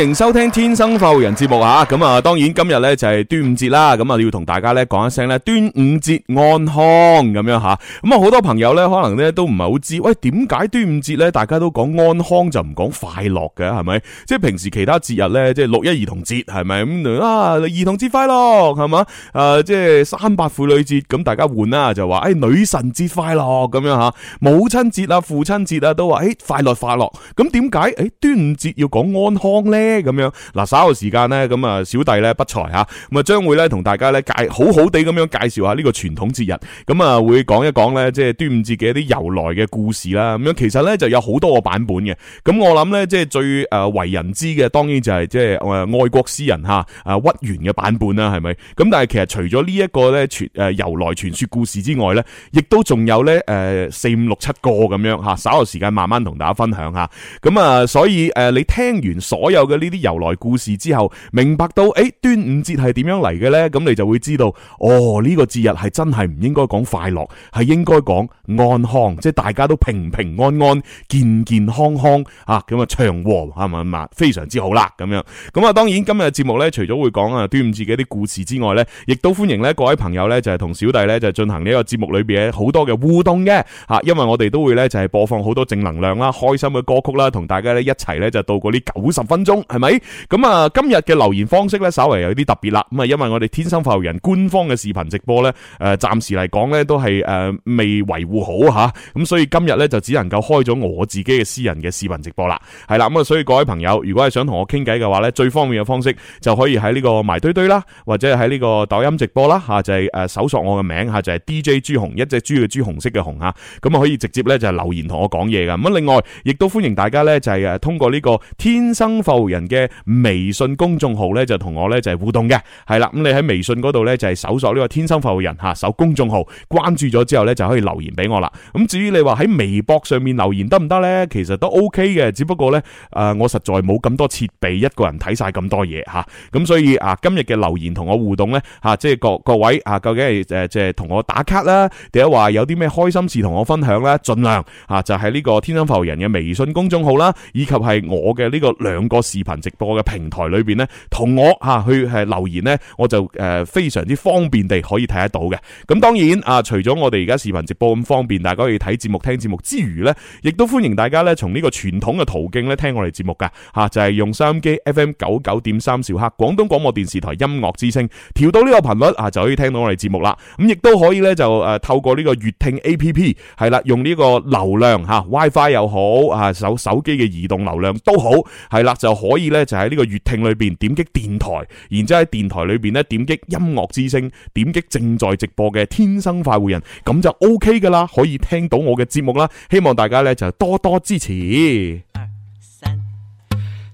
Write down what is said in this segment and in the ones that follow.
歡迎收聽《天生富人》節目啊！咁啊，當然今日咧就係端午節啦。咁啊，要同大家咧講一聲咧，端午節安康咁樣吓。咁啊，好多朋友咧可能咧都唔係好知，喂，點解端午節咧大家都講安康就唔講快樂嘅係咪？即係平時其他節日咧，即係六一兒童節係咪咁啊？兒童節快樂係嘛？誒、啊，即係三八婦女節咁，大家換啦就話誒、哎，女神節快樂咁樣吓，母親節啊，父親節啊，都話誒，快樂快樂。咁點解誒，端午節要講安康咧？咁樣嗱，稍後時間咧，咁啊小弟咧不才哈，咁啊將會咧同大家咧介好好地咁樣介紹下呢個傳統節日，咁啊會講一講咧即係端午節嘅一啲由來嘅故事啦，咁樣其實咧就有好多個版本嘅，咁我諗咧即係最誒為人知嘅，當然就係即係誒愛國詩人吓阿屈原嘅版本啦，係咪？咁但係其實除咗呢一個咧傳誒由來傳說故事之外咧，亦都仲有咧誒四五六七個咁樣吓，稍後時間慢慢同大家分享下，咁啊所以誒你聽完所有嘅。呢啲由來故事之後，明白到誒，端午節係點樣嚟嘅呢？咁你就會知道，哦，呢、這個節日係真係唔應該講快樂，係應該講安康，即係大家都平平安安、健健康康啊！咁啊，長和係咪嘛？非常之好啦，咁樣。咁啊，當然今日嘅節目呢，除咗會講啊端午節嘅啲故事之外呢，亦都歡迎咧各位朋友呢，就係、是、同小弟呢，就進行呢一個節目裏邊好多嘅互動嘅吓、啊，因為我哋都會呢，就係、是、播放好多正能量啦、開心嘅歌曲啦，同大家呢一齊呢，就度過呢九十分鐘。係咪？咁啊，今日嘅留言方式咧，稍微有啲特別啦。咁啊，因為我哋天生富豪人官方嘅視頻直播咧，誒，暫時嚟講咧都係誒未維護好吓，咁所以今日咧就只能夠開咗我自己嘅私人嘅視頻直播啦。係啦，咁啊，所以各位朋友，如果係想同我傾偈嘅話咧，最方便嘅方式就可以喺呢個埋堆堆啦，或者喺呢個抖音直播啦，吓就係誒搜索我嘅名吓，就係 DJ 朱紅，一隻豬嘅朱紅色嘅紅吓，咁啊，可以直接咧就係留言同我講嘢噶。咁啊，另外亦都歡迎大家咧就係誒通過呢個天生富豪人。嘅微信公眾號咧就同我咧就係互動嘅。係啦，咁你喺微信嗰度咧就係搜索呢個天生浮人吓、啊，搜公眾號，關注咗之後咧就可以留言俾我啦。咁至於你話喺微博上面留言得唔得咧？其實都 OK 嘅，只不過咧誒、呃，我實在冇咁多設備，一個人睇晒咁多嘢吓，咁、啊、所以啊，今日嘅留言同我互動咧吓、啊，即係各各位啊，究竟係誒、啊、即係同我打卡啦，或者話有啲咩開心事同我分享啦，盡量吓、啊、就係、是、呢個天生浮人嘅微信公眾號啦，以及係我嘅呢個兩個視頻。直播嘅平台裏邊咧，同我吓去係留言咧，我就誒非常之方便地可以睇得到嘅。咁當然啊，除咗我哋而家視頻直播咁方便，大家可以睇節目、聽節目之餘咧，亦都歡迎大家咧從呢個傳統嘅途徑咧聽我哋節目噶吓，就係用收音機 FM 九九點三兆赫，廣東廣播電視台音樂之聲，調到呢個頻率啊，就可以聽到我哋節目啦。咁亦都可以咧就誒透過呢個粵聽 A P P 係啦，用呢個流量吓 WiFi 又好啊手手機嘅移動流量都好係啦，就好。可以咧就喺呢個月聽裏邊點擊電台，然之後喺電台裏邊咧點擊音樂之聲，點擊正在直播嘅天生快活人，咁就 O K 噶啦，可以聽到我嘅節目啦。希望大家咧就多多支持。二三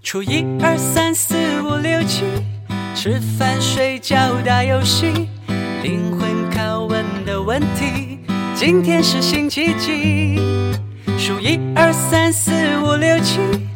初一二三四五六七，吃飯睡覺打遊戲，靈魂拷問的問題，今天是星期幾？數一二三四五六七。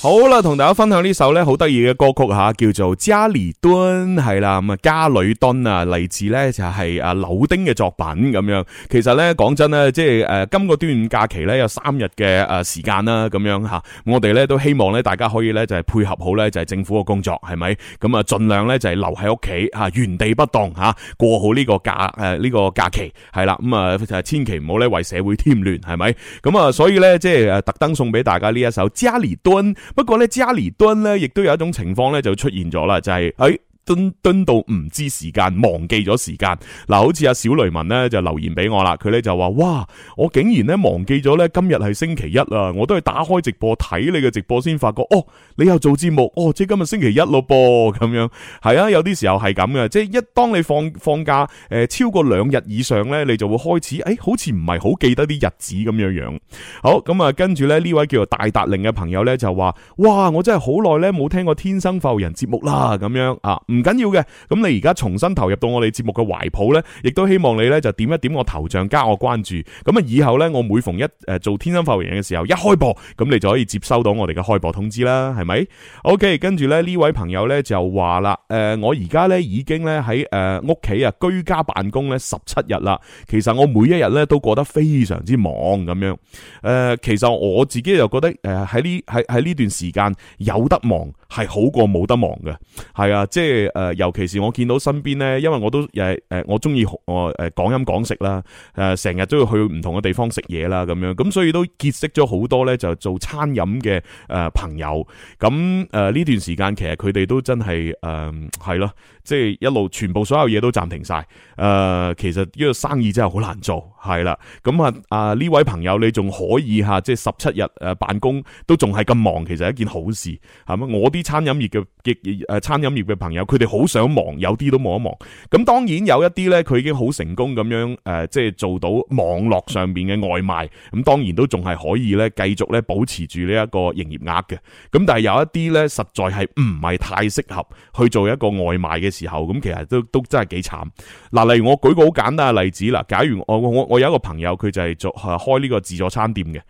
好啦，同大家分享呢首咧好得意嘅歌曲吓，叫做《加里敦》，係啦，咁啊《加里敦》啊，嚟自咧就係阿柳丁嘅作品咁樣。其實咧講真咧，即係誒今個端午假期咧有三日嘅誒時間啦，咁樣吓，我哋咧都希望咧大家可以咧就係配合好咧就係政府嘅工作，係咪？咁啊盡量咧就係留喺屋企吓，原地不動吓，過好呢個假誒呢個假期係啦。咁啊就係千祈唔好咧為社會添亂，係咪？咁啊所以咧即係誒特登送俾大家呢一首《加里敦》。不過咧，加利敦咧，亦都有一種情況咧，就出現咗啦，就係誒。蹲蹲到唔知時間，忘記咗時間。嗱，好似阿小雷文咧就留言俾我啦，佢咧就話，哇，我竟然咧忘記咗咧今日係星期一啊！我都係打開直播睇你嘅直播先發覺，哦，你又做節目，哦，即係今日星期一咯噃，咁樣係啊，有啲時候係咁嘅，即係一當你放放假，誒、呃、超過兩日以上咧，你就會開始，誒、欸，好似唔係好記得啲日子咁樣樣。好，咁啊，跟住咧呢位叫做大達令嘅朋友咧就話，哇，我真係好耐咧冇聽過天生浮人節目啦，咁樣啊。唔緊要嘅，咁你而家重新投入到我哋節目嘅懷抱呢，亦都希望你呢就點一點我頭像加我關注，咁啊以後呢，我每逢一誒、呃、做天生發育嘅時候一開播，咁你就可以接收到我哋嘅開播通知啦，係咪？OK，跟住咧呢位朋友呢就話啦，誒、呃、我而家呢已經呢喺誒屋企啊居家辦公呢十七日啦，其實我每一日呢都過得非常之忙咁樣，誒、呃、其實我自己又覺得誒喺呢喺喺呢段時間有得忙。係好過冇得忙嘅，係啊，即係誒，尤其是我見到身邊咧，因為我都誒誒，我中意我誒講飲講食啦，誒，成日都要去唔同嘅地方食嘢啦，咁樣，咁所以都結識咗好多咧，就做餐飲嘅誒朋友，咁誒呢段時間其實佢哋都真係誒係咯。是即係一路全部所有嘢都暫停晒，誒，其實呢個生意真係好難做，係啦。咁啊，啊呢位朋友你仲可以吓，即係十七日誒辦公都仲係咁忙，其實係一件好事，係咪？我啲餐飲業嘅嘅誒餐飲業嘅朋友，佢哋好想忙，有啲都冇得忙。咁當然有一啲咧，佢已經好成功咁樣誒，即係做到網絡上邊嘅外賣。咁當然都仲係可以咧，繼續咧保持住呢一個營業額嘅。咁但係有一啲咧，實在係唔係太適合去做一個外賣嘅。時候咁其實都都真係幾慘嗱，例如我舉個好簡單嘅例子啦，假如我我我有一個朋友佢就係做開呢個自助餐店嘅，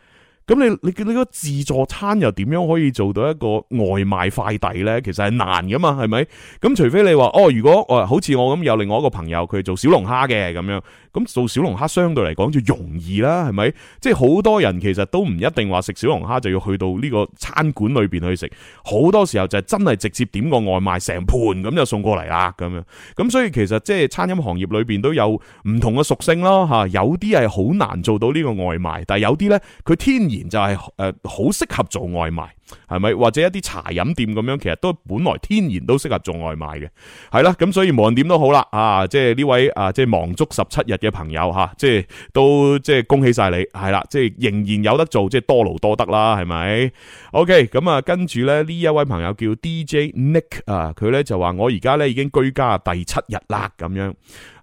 咁你你你個自助餐又點樣可以做到一個外賣快遞呢？其實係難噶嘛，係咪？咁除非你話哦，如果、哦、好似我咁有另外一個朋友佢做小龍蝦嘅咁樣。咁做小龍蝦相對嚟講就容易啦，係咪？即係好多人其實都唔一定話食小龍蝦就要去到呢個餐館裏邊去食，好多時候就係真係直接點個外賣，成盤咁就送過嚟啦，咁樣。咁所以其實即係餐飲行業裏邊都有唔同嘅屬性咯，吓有啲係好難做到呢個外賣，但係有啲呢，佢天然就係誒好適合做外賣。係咪或者一啲茶飲店咁樣，其實都本來天然都適合做外賣嘅，係啦。咁所以無論點都好啦，啊，即係呢位啊，即係忙足十七日嘅朋友吓，啊，即係都即係恭喜晒你，係啦，即係仍然有得做，即係多勞多得啦，係咪？OK，咁啊，跟住咧呢一位朋友叫 DJ Nick 啊，佢咧就話我而家咧已經居家第七日啦，咁樣。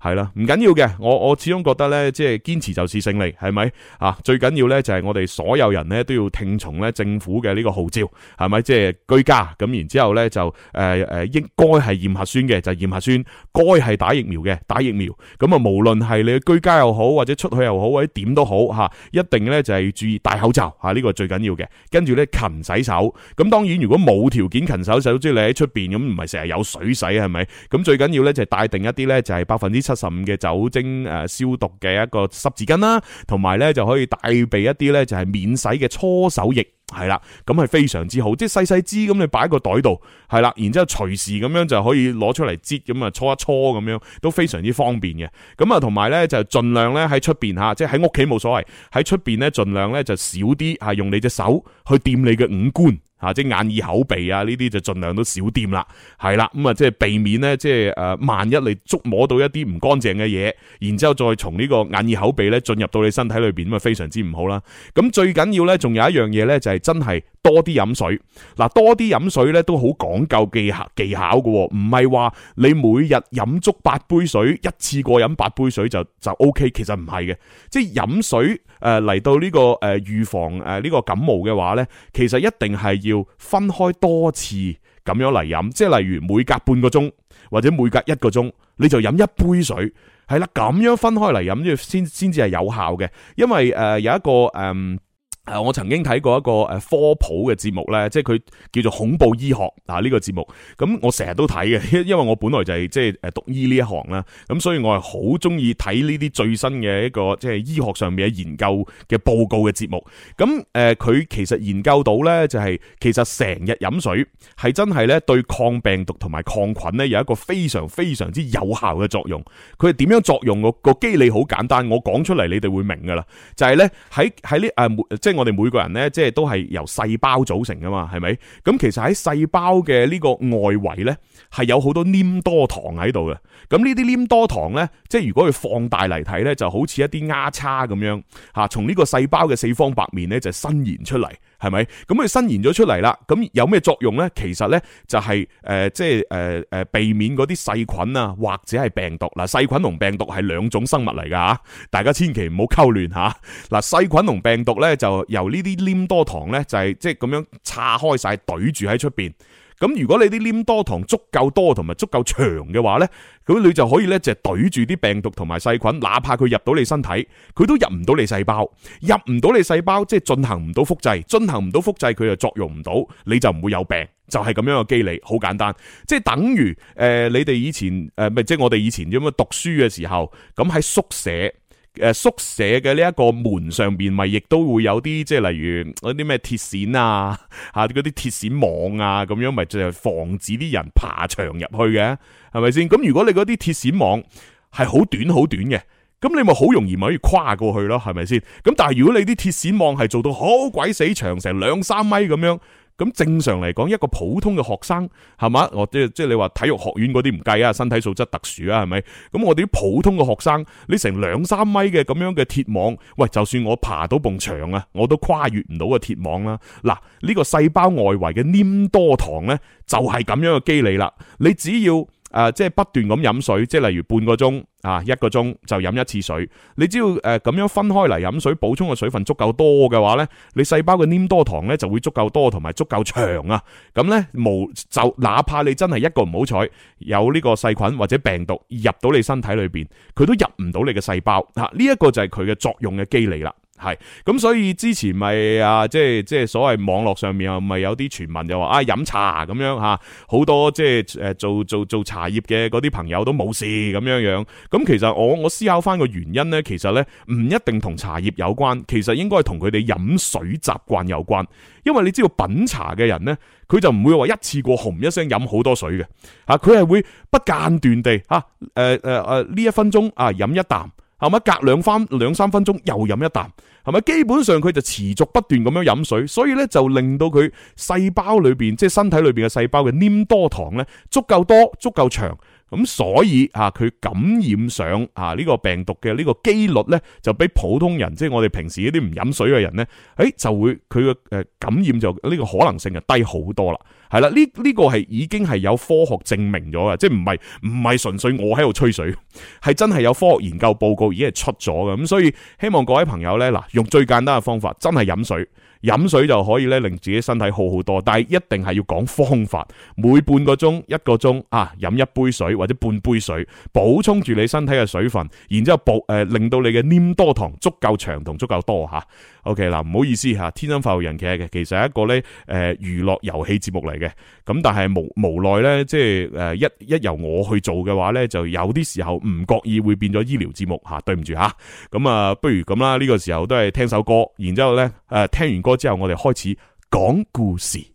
係啦，唔緊要嘅，我我始終覺得咧，即係堅持就是勝利，係咪啊？最緊要咧就係、是、我哋所有人咧都要聽從咧政府嘅呢個號召，係咪？即、就、係、是、居家，咁然後之後咧就誒誒、呃，應該係驗核酸嘅就驗核酸，該係打疫苗嘅打疫苗。咁啊，無論係你居家又好，或者出去又好，或者點都好吓、啊，一定咧就係、是、注意戴口罩吓，啊這個、呢個最緊要嘅。跟住咧勤洗手。咁當然如果冇條件勤洗手，即、就、係、是、你喺出邊咁唔係成日有水洗係咪？咁最緊要咧就係、是、帶定一啲咧就係百分之七。十五嘅酒精誒，消毒嘅一個濕紙巾啦，同埋咧就可以帶備一啲咧就係免洗嘅搓手液，係啦，咁係非常之好，即係細細支咁你擺喺個袋度，係啦，然之後隨時咁樣就可以攞出嚟擠，咁啊搓一搓咁樣，都非常之方便嘅。咁啊，同埋咧就盡量咧喺出邊吓，即係喺屋企冇所謂，喺出邊咧盡量咧就少啲吓用你隻手去掂你嘅五官。啊！即係眼耳口鼻啊，呢啲就盡量都少掂啦，係啦，咁啊，即係避免咧，即係誒，萬一你觸摸到一啲唔乾淨嘅嘢，然之後再從呢個眼耳口鼻咧進入到你身體裏邊咁啊，非常之唔好啦。咁最緊要咧，仲有一樣嘢咧，就係真係。多啲飲水，嗱多啲飲水咧都好講究技巧技巧嘅喎，唔係話你每日飲足八杯水，一次過飲八杯水就就 OK，其實唔係嘅，即係飲水誒嚟到呢個誒預防呢個感冒嘅話咧，其實一定係要分開多次咁樣嚟飲，即係例如每隔半個鐘或者每隔一個鐘你就飲一杯水，係啦，咁樣分開嚟飲，要先先至係有效嘅，因為誒、呃、有一個誒。嗯誒，我曾經睇過一個誒科普嘅節目咧，即係佢叫做《恐怖醫學》啊、呢、呢個節目。咁我成日都睇嘅，因為我本來就係即係誒讀醫呢一行啦。咁所以我係好中意睇呢啲最新嘅一個即係醫學上面嘅研究嘅報告嘅節目。咁誒，佢、呃、其實研究到咧、就係，就係其實成日飲水係真係咧對抗病毒同埋抗菌咧有一個非常非常之有效嘅作用。佢係點樣作用的，那個個機理好簡單，我講出嚟你哋會明㗎啦。就係咧喺喺呢誒即我哋每個人咧，即係都係由細胞組成噶嘛，係咪？咁其實喺細胞嘅呢個外圍咧，係有好多黏多糖喺度嘅。咁呢啲黏多糖咧，即係如果佢放大嚟睇咧，就好似一啲丫叉咁樣吓，從呢個細胞嘅四方白面咧，就伸延出嚟。係咪？咁佢伸延咗出嚟啦，咁有咩作用咧？其實咧就係誒，即係誒誒，避免嗰啲細菌啊，或者係病毒嗱。細菌同病毒係兩種生物嚟噶吓，大家千祈唔好溝亂吓嗱。細菌同病毒咧就由呢啲黏多糖咧就係即係咁樣叉開晒，懟住喺出邊。咁如果你啲黏多糖足夠多同埋足夠長嘅話呢，咁你就可以呢就係懟住啲病毒同埋細菌。哪怕佢入到你身體，佢都入唔到你細胞，入唔到你細胞即係進行唔到複製，進行唔到複製佢又作用唔到，你就唔會有病，就係、是、咁樣嘅機理，好簡單，即係等於誒、呃、你哋以前誒咪、呃、即係我哋以前咁樣讀書嘅時候，咁喺宿舍。誒、呃，宿舍嘅呢一個門上邊，咪亦都會有啲，即係例如嗰啲咩鐵線啊，嗰啲鐵線網啊，咁樣咪就係、防止啲人爬牆入去嘅，係咪先？咁如果你嗰啲鐵線網係好短好短嘅，咁你咪好容易咪可以跨過去咯，係咪先？咁但係如果你啲鐵線網係做到好鬼死長，成兩三米咁樣。咁正常嚟講，一個普通嘅學生係嘛？我即即係你話體育學院嗰啲唔計啊，身體素質特殊啊，係咪？咁我哋啲普通嘅學生，你成兩三米嘅咁樣嘅鐵網，喂，就算我爬到埲牆啊，我都跨越唔到個鐵網啦。嗱，呢個細胞外圍嘅黏多糖咧，就係咁樣嘅機理啦。你只要。誒、呃，即係不斷咁飲水，即係例如半個鐘啊，一個鐘就飲一次水。你只要誒咁樣分開嚟飲水，補充嘅水分足夠多嘅話咧，你細胞嘅黏多糖咧就會足夠多同埋足夠長啊。咁咧無就哪怕你真係一個唔好彩有呢個細菌或者病毒入到你身體裏邊，佢都入唔到你嘅細胞吓。呢一個就係佢嘅作用嘅機理啦。係咁，是所以之前咪啊，即係，即係所謂網絡上面啊，咪有啲傳聞就話啊飲茶咁樣吓，好多即係誒做做做茶葉嘅嗰啲朋友都冇事咁樣樣。咁其實我我思考翻個原因咧，其實咧唔一定同茶葉有關，其實應該係同佢哋飲水習慣有關。因為你知道品茶嘅人咧，佢就唔會話一次過紅一聲飲好多水嘅，吓佢係會不間斷地吓誒誒誒呢一分鐘啊飲一啖。係咪隔兩分兩三分鐘又飲一啖？係咪基本上佢就持續不斷咁樣飲水，所以咧就令到佢細胞裏邊即係身體裏邊嘅細胞嘅黏多糖咧足夠多、足夠長，咁所以吓佢感染上啊呢個病毒嘅呢個機率咧就比普通人即係，就是，我哋平時一啲唔飲水嘅人咧，誒就會佢嘅誒感染就呢個可能性就低好多啦。係啦，呢呢個係已經係有科學證明咗噶，即係唔係唔係純粹我喺度吹水，係真係有科學研究報告已經係出咗㗎。咁所以希望各位朋友呢，嗱用最簡單嘅方法，真係飲水，飲水就可以咧令自己身體好好多。但係一定係要講方法，每半個鐘一個鐘啊，飲一杯水或者半杯水，補充住你身體嘅水分，然之後補誒、呃、令到你嘅黏多糖足夠長同足夠多吓。啊 OK 嗱，唔好意思嚇，天生快活人其實嘅其實係一個咧誒娛樂遊戲節目嚟嘅，咁但係無，無奈咧，即係、呃、一一由我去做嘅話咧，就有啲時候唔覺意會變咗醫療節目嚇、啊，對唔住嚇，咁啊不如咁啦，呢、這個時候都係聽首歌，然之後咧、呃、聽完歌之後，我哋開始講故事。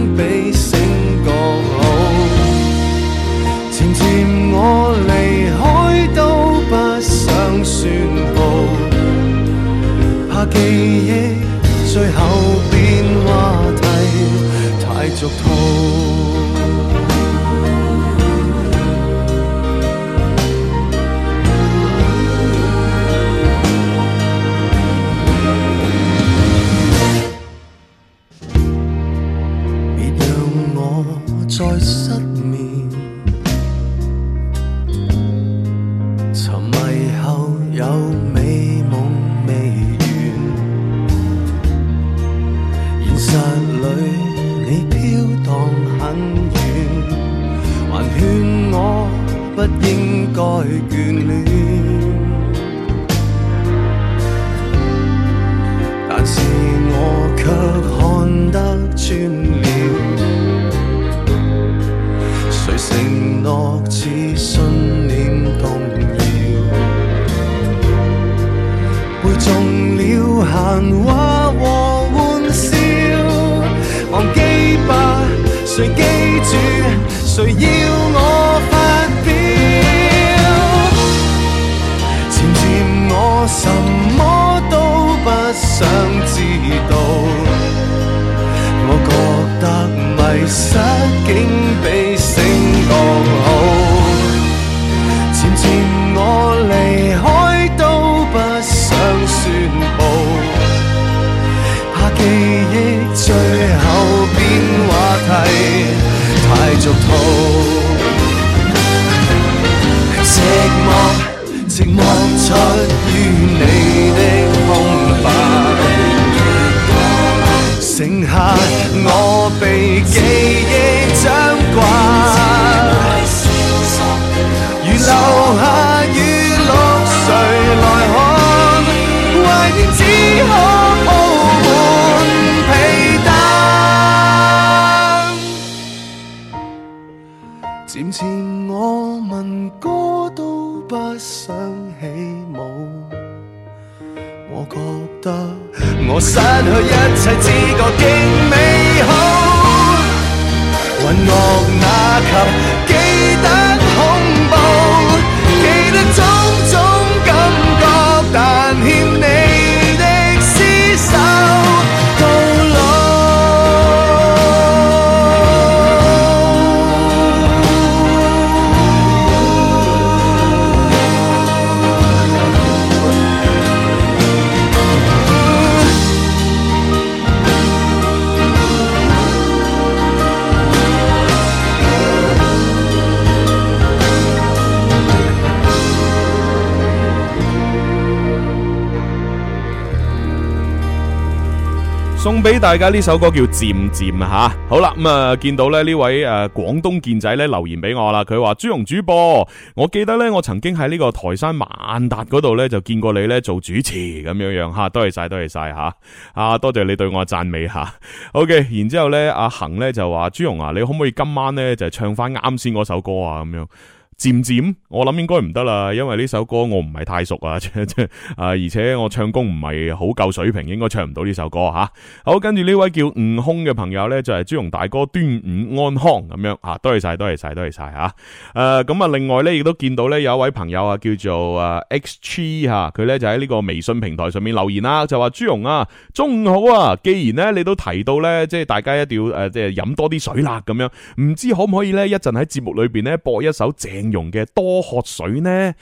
最後變話題，太俗套。俾大家呢首歌叫漸漸吓，好啦咁啊，見到咧呢位誒廣、啊、東健仔咧留言俾我啦，佢話朱蓉主播，我記得咧我曾經喺呢個台山萬達嗰度咧就見過你咧做主持咁樣樣吓，多謝晒，多謝晒吓，啊多謝你對我讚美吓，好、啊、嘅，okay, 然之後咧阿恒咧就話朱蓉啊，你可唔可以今晚咧就唱翻啱先嗰首歌啊咁樣？漸漸，我諗應該唔得啦，因為呢首歌我唔係太熟啊，啊，而且我唱功唔係好夠水平，應該唱唔到呢首歌吓、啊。好，跟住呢位叫悟空嘅朋友咧，就係朱榮大哥，端午安康咁樣啊，多謝晒，多謝晒，多謝晒吓。誒，咁啊、呃，另外咧，亦都見到咧有一位朋友啊，叫做啊 X G 吓，佢咧就喺呢個微信平台上面留言啦、啊，就話朱榮啊，中午好啊，既然咧你都提到咧，即係大家一定要誒，即係飲多啲水啦咁樣，唔知可唔可以咧一陣喺節目裏邊咧播一首鄭。用嘅多喝水呢，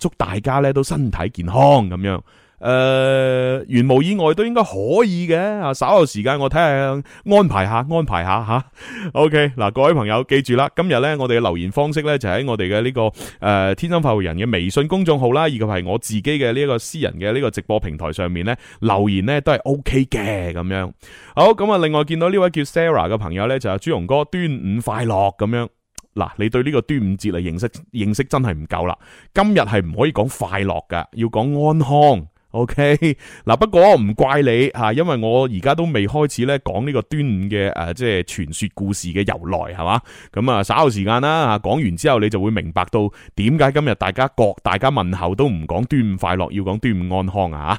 祝大家咧都身體健康咁樣。誒、呃，原無意外都應該可以嘅。啊，稍後時間我睇下安排下，安排下吓。OK，嗱，各位朋友記住啦，今日呢，我哋嘅留言方式呢，就喺、是、我哋嘅呢個誒、呃，天生快活人嘅微信公眾號啦，以及係我自己嘅呢一個私人嘅呢個直播平台上面呢，留言呢都係 OK 嘅咁樣。好，咁啊，另外見到呢位叫 Sarah 嘅朋友呢，就係、是、朱雄哥，端午快樂咁樣。嗱，你對呢個端午節嚟認識、認識真係唔夠啦。今日係唔可以講快樂噶，要講安康。OK，嗱，不過唔怪你嚇，因為我而家都未開始咧講呢個端午嘅誒即係傳說故事嘅由來係嘛。咁啊，稍後時間啦嚇，講完之後你就會明白到點解今日大家各大家問候都唔講端午快樂，要講端午安康啊。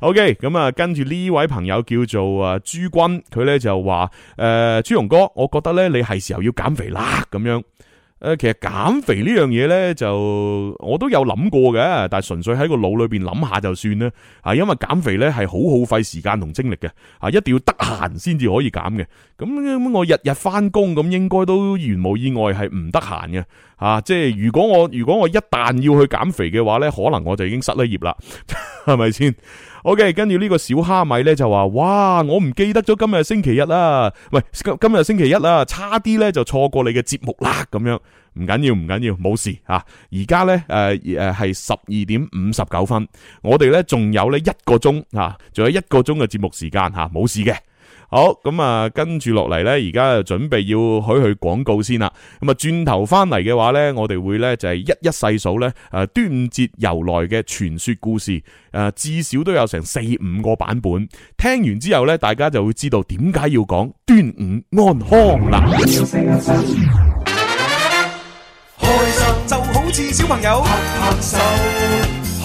OK，咁啊，跟住呢位朋友叫做啊、呃、朱君，佢咧就話誒朱雄哥，我覺得咧你係時候要減肥啦咁樣誒，其實減肥呢樣嘢咧，就我都有諗過嘅，但係純粹喺個腦裏邊諗下就算啦。啊，因為減肥咧係好耗費時間同精力嘅，啊，一定要得閒先至可以減嘅。咁我日日翻工，咁應該都如無意外係唔得閒嘅。啊，即係如果我如果我一旦要去減肥嘅話咧，可能我就已經失咗業啦，係咪先？ok 跟住呢個小蝦米咧就話，哇，我唔記得咗今日星期日啦，喂，今日星期一啦，差啲咧就錯過你嘅節目啦，咁樣，唔緊要，唔緊要，冇事吓，而家咧誒誒係十二點五十九分，我哋咧仲有呢一個鐘吓，仲有一個鐘嘅節目時間吓，啊，冇事嘅。好咁啊，跟住落嚟呢，而家就準備要去去廣告先啦。咁啊，轉頭翻嚟嘅話呢，我哋會呢，就係一一細數呢，誒，端午節由來嘅傳說故事，誒，至少都有成四五個版本。聽完之後呢，大家就會知道點解要講端午安康啦。要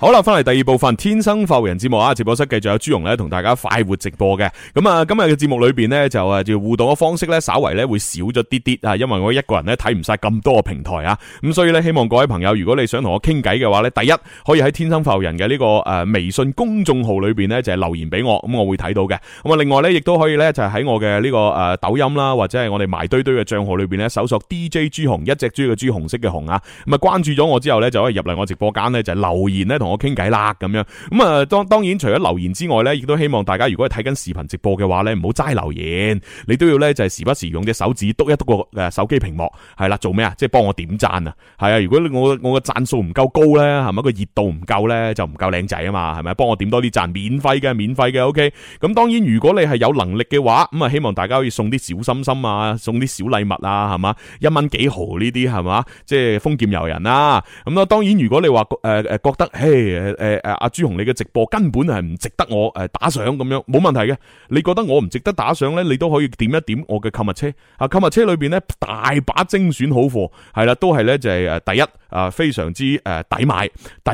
好啦，翻嚟第二部分《天生浮人》節目啊！直播室繼續有朱紅咧同大家快活直播嘅。咁啊，今日嘅節目裏邊呢，就誒，就互動嘅方式咧，稍微咧會少咗啲啲啊。因為我一個人咧睇唔晒咁多個平台啊，咁所以咧希望各位朋友，如果你想同我傾偈嘅話咧，第一可以喺《天生浮人》嘅呢個誒微信公眾號裏邊呢，就係留言俾我，咁我會睇到嘅。咁啊，另外咧亦都可以咧就係喺我嘅呢個誒抖音啦，或者係我哋埋堆堆嘅賬號裏邊咧搜索 DJ 朱紅，一隻豬嘅朱紅色嘅紅啊。咁啊，關注咗我之後咧就可以入嚟我直播間咧就係留言咧同。我傾偈啦，咁樣咁啊，當、嗯、當然除咗留言之外咧，亦都希望大家如果係睇緊視頻直播嘅話咧，唔好齋留言，你都要咧就係時不時用隻手指篤一篤個誒手機屏幕。係啦，做咩、就是、啊？即係幫我點讚啊！係啊，如果我我嘅讚數唔夠高咧，係咪？個熱度唔夠咧，就唔夠靚仔啊嘛，係咪？幫我點多啲讚，免費嘅，免費嘅，OK。咁當然如果你係有能力嘅話，咁啊希望大家可以送啲小心心啊，送啲小禮物啊，係嘛一蚊幾毫呢啲係嘛，即係、就是、豐儉由人啦，啊。咁、嗯、啊，當然如果你話誒誒覺得誒。誒誒誒，阿朱紅，你嘅直播根本係唔值得我誒打賞。噉樣，冇問題嘅。你覺得我唔值得打賞咧，你都可以點一點我嘅購物車。啊，購物車裏邊咧大把精選好貨，係啦，都係咧就係誒第一。啊，非常之誒、呃、抵買。第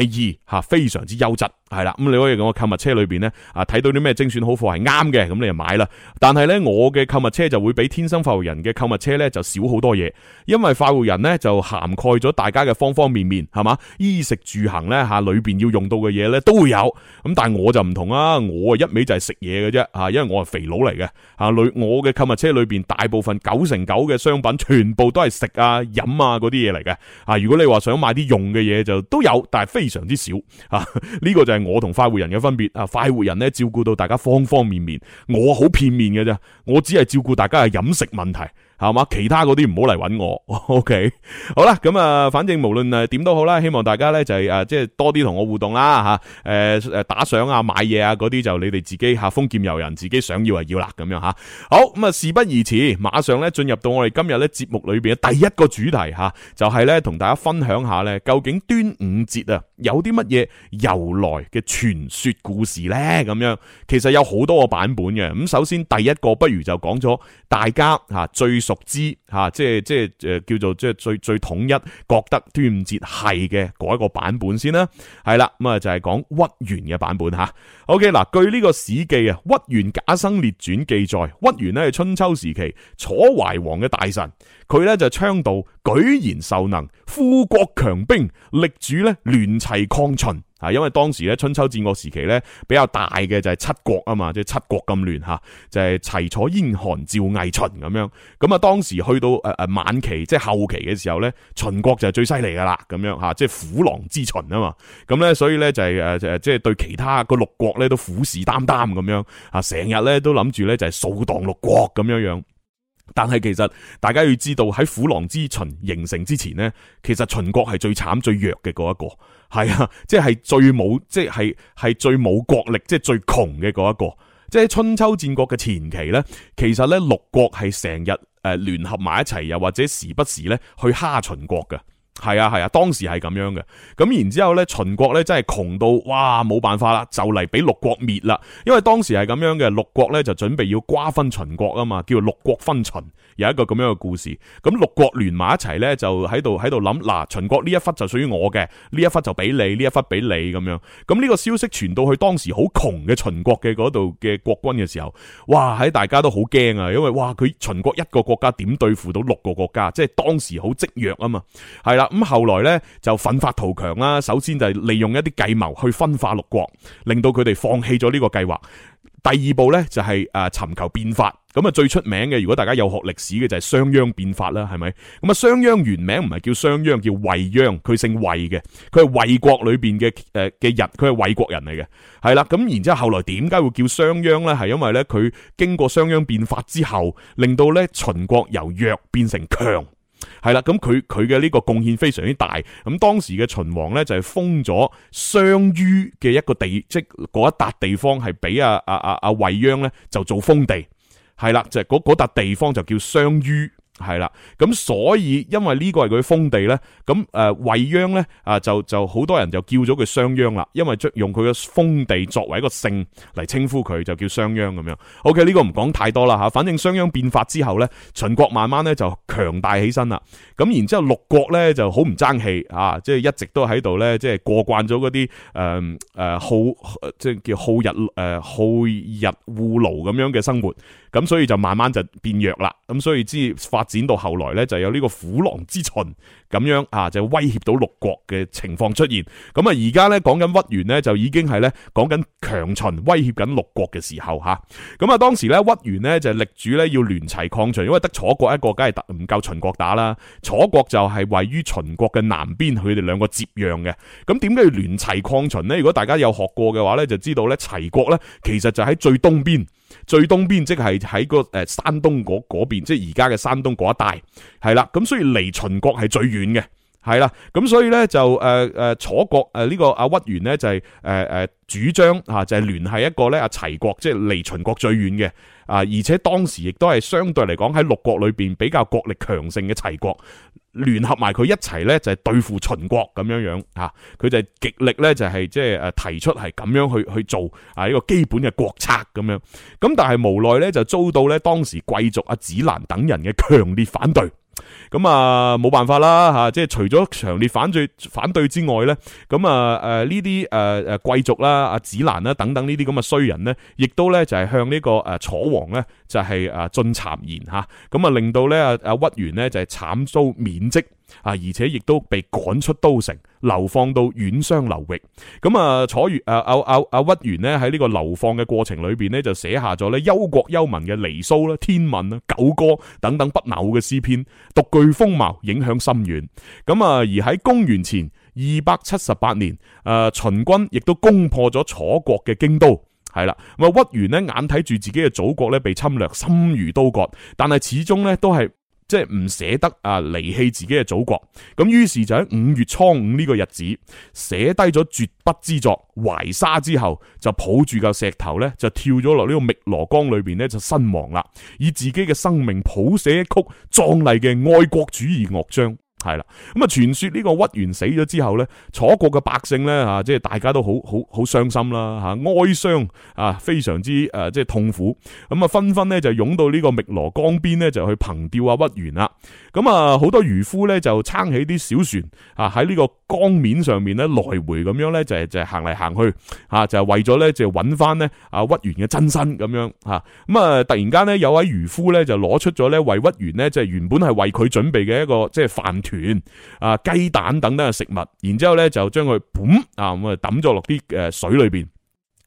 二嚇、啊，非常之優質，係啦。咁、嗯、你可以講個購物車裏邊咧，啊睇到啲咩精選好貨係啱嘅，咁你就買啦。但係咧，我嘅購物車就會比天生發育人嘅購物車咧就少好多嘢，因為發育人咧就涵蓋咗大家嘅方方面面，係嘛？衣食住行咧嚇，裏、啊、邊要用到嘅嘢咧都會有。咁、嗯、但係我就唔同啦，我啊一味就係食嘢嘅啫嚇，因為我係肥佬嚟嘅嚇。裏、啊、我嘅購物車裏邊大部分九成九嘅商品全部都係食啊飲啊嗰啲嘢嚟嘅嚇。如果你話，想買啲用嘅嘢就都有，但係非常之少啊！呢 個就係我同快活人嘅分別啊！快活人呢照顧到大家方方面面，我好片面嘅啫，我只係照顧大家嘅飲食問題。係嘛？其他嗰啲唔好嚟揾我。OK，好啦，咁啊，反正無論係點都好啦，希望大家咧就係誒，即係多啲同我互動啦吓。誒誒，打賞啊，買嘢啊，嗰啲就你哋自己吓豐儉由人自己想要啊要啦咁樣吓。好，咁啊，事不宜遲，馬上咧進入到我哋今日咧節目裏邊嘅第一個主題吓，就係咧同大家分享一下咧究竟端午節啊有啲乜嘢由來嘅傳說故事咧咁樣。其實有好多個版本嘅。咁首先第一個，不如就講咗大家吓最熟知吓、啊，即係即係誒、呃，叫做即係最最統一，覺得端午節係嘅嗰一個版本先啦，係啦，咁、嗯、啊就係、是、講屈原嘅版本吓。OK，嗱，據呢個《史記》啊，okay，《屈原賈生列傳》記載，屈原咧係春秋時期楚懷王嘅大臣，佢咧就倡導。舉賢授能，富國強兵，力主咧聯齊抗秦。啊，因為當時咧春秋戰國時期咧比較大嘅就係七國啊嘛，即係七國咁亂吓，就係齊楚燕韓趙魏秦咁樣。咁啊，當時去到誒誒晚期，即係後期嘅時候咧，秦國就係最犀利噶啦，咁樣吓，即係虎狼之秦啊嘛。咁咧，所以咧就係誒誒，即係對其他六國咧都虎視眈眈咁樣啊，成日咧都諗住咧就係掃蕩六國咁樣樣。但係其實大家要知道喺虎狼之秦形成之前呢，其實秦國係最慘最弱嘅嗰一個，係啊，即係最冇即係係最冇國力，即係最窮嘅嗰一個。即係春秋戰國嘅前期呢，其實呢六國係成日誒聯合埋一齊，又或者時不時呢去蝦秦國嘅。係啊係，啊，當時係咁樣嘅，咁然之後咧，秦國咧真係窮到，哇冇辦法啦，就嚟俾六國滅啦。因為當時係咁樣嘅，六國咧就準備要瓜分秦國啊嘛，叫做六國分秦，有一個咁樣嘅故事。咁、嗯、六國聯埋一齊咧，就喺度喺度諗，嗱、啊，秦國呢一忽就屬於我嘅，呢一忽就俾你，呢一忽俾你咁樣。咁、嗯、呢、呢個消息傳到去當時好窮嘅秦國嘅度嘅國君嘅時候，哇喺大家都好驚啊，因為哇佢秦國一個國家點對付到六個國家，即係當時好積弱啊嘛，係啦、啊。咁後來咧就奮發圖強啦，首先就係利用一啲計謀去分化六國，令到佢哋放棄咗呢個計劃。第二步咧就係誒尋求變法。咁啊最出名嘅，如果大家有學歷史嘅就係商鞅變法啦，係咪？咁啊商鞅原名唔係叫商鞅，叫衛鞅，佢姓衛嘅，佢係衛國裏邊嘅誒嘅人，佢係衛國人嚟嘅。係啦，咁然之後後來點解會叫商鞅咧？係因為咧佢經過商鞅變法之後，令到咧秦國由弱變成強。係啦，咁佢佢嘅呢個貢獻非常之大。咁當時嘅秦王咧就係、是、封咗商於嘅一個地，即、就、嗰、是、一笪地方係俾阿啊啊阿、啊啊、惠鞅咧就做封地。係啦，就嗰嗰笪地方就叫商於。係啦，咁所以因為這個是他的、呃、呢個係佢封地咧，咁誒，衛鞅咧啊，就就好多人就叫咗佢商鞅啦，因為用佢嘅封地作為一個姓嚟稱呼佢，就叫商鞅咁樣。OK，呢個唔講太多啦吓，反正商鞅變法之後咧，秦國慢慢咧就強大起身啦。咁然之後六國咧就好唔爭氣啊，即、就、係、是、一直都喺度咧，即係過慣咗嗰啲誒誒好，即、呃、係、呃、叫好逸誒好、呃、逸惡勞咁樣嘅生活。咁所以就慢慢就變弱啦，咁所以之發展到後來咧，就有呢個虎狼之秦。咁樣啊，就威脅到六國嘅情況出現。咁啊，而家咧，講緊屈原咧，就已經係咧講緊強秦威脅緊六國嘅時候吓。咁啊，當時咧屈原咧，就係力主咧要聯齊抗秦，因為得楚國一個，梗係唔夠秦國打啦。楚國就係位於秦國嘅南邊，佢哋兩個接壤嘅。咁點解要聯齊抗秦咧？如果大家有學過嘅話咧，就知道咧齊國咧其實就喺最東邊，最東邊即係喺個誒山東嗰嗰邊，即係而家嘅山東嗰一帶係啦。咁所以離秦國係最遠。嘅係啦，咁所以咧就誒誒，呃，楚國誒呢、啊這個阿、啊、屈原呢就係誒誒主張吓，就係聯繫一個咧阿齊國，即係離秦國最遠嘅啊，而且當時亦都係相對嚟講喺六國裏邊比較國力強盛嘅齊國，聯合埋佢一齊咧就係、是、對付秦國咁樣樣吓，佢、啊、就係極力咧就係即係誒提出係咁樣去去做啊呢個基本嘅國策咁樣，咁、啊、但係無奈咧就遭到咧當時貴族阿子蘭等人嘅強烈反對。咁啊，冇辦法啦吓，即係除咗強烈反對反對之外咧，咁啊誒呢啲誒誒貴族啦、阿子蘭啦等等呢啲咁嘅衰人咧，亦都咧就係向呢個誒楚王咧就係誒進讒言吓，咁啊令到咧阿屈原呢，就係慘遭免職。啊！而且亦都被趕出都城，流放到沅湘流域。咁啊，楚越啊，啊，啊屈原呢喺呢個流放嘅過程裏邊呢，就寫下咗咧憂國憂民嘅《離騷》啦、《天問》啦、《九歌》等等不朽嘅詩篇，獨具風貌，影響深遠。咁啊，而喺公元前二百七十八年，誒、啊，秦軍亦都攻破咗楚國嘅京都，係啦。咁啊，屈原呢眼睇住自己嘅祖國咧被侵略，心如刀割，但係始終呢都係。即係唔捨得啊，離棄自己嘅祖國，咁於是就喺五月初五呢個日子，寫低咗《絕筆之作》《懷沙》之後，就抱住嚿石頭咧，就跳咗落呢個汨羅江裏邊咧，就身亡啦！以自己嘅生命譜寫一曲壯麗嘅愛國主義樂章。係啦，咁啊傳說呢個屈原死咗之後咧，楚國嘅百姓咧吓，即係大家都好好好傷心啦吓，哀傷啊，非常之誒、呃、即係痛苦，咁啊紛紛咧就湧到呢個汨羅江邊咧，就去憑吊啊屈原啦。咁啊好多漁夫咧就撐起啲小船啊喺呢個江面上面咧來回咁樣咧就係就行嚟行去吓就係為咗咧就係揾翻咧啊屈原嘅真身咁樣吓，咁、嗯、啊、嗯、突然間咧有位漁夫咧就攞出咗咧為屈原咧即係原本係為佢準備嘅一個即係飯團。團啊，雞蛋等等嘅食物，然之後咧就將佢，啊咁啊抌咗落啲誒水裏邊，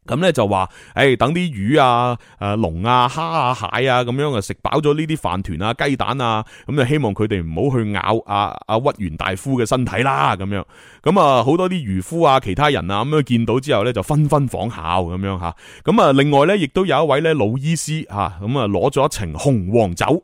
咁咧就話，誒、欸、等啲魚啊、誒龍啊、蝦啊、蟹啊咁樣啊食飽咗呢啲飯團啊、雞蛋啊，咁就希望佢哋唔好去咬啊阿、啊、屈原大夫嘅身體啦，咁樣，咁啊好多啲漁夫啊、其他人啊咁樣見到之後咧就紛紛仿效咁樣吓，咁啊另外咧亦都有一位咧老醫師吓，咁啊攞咗一埕紅黃酒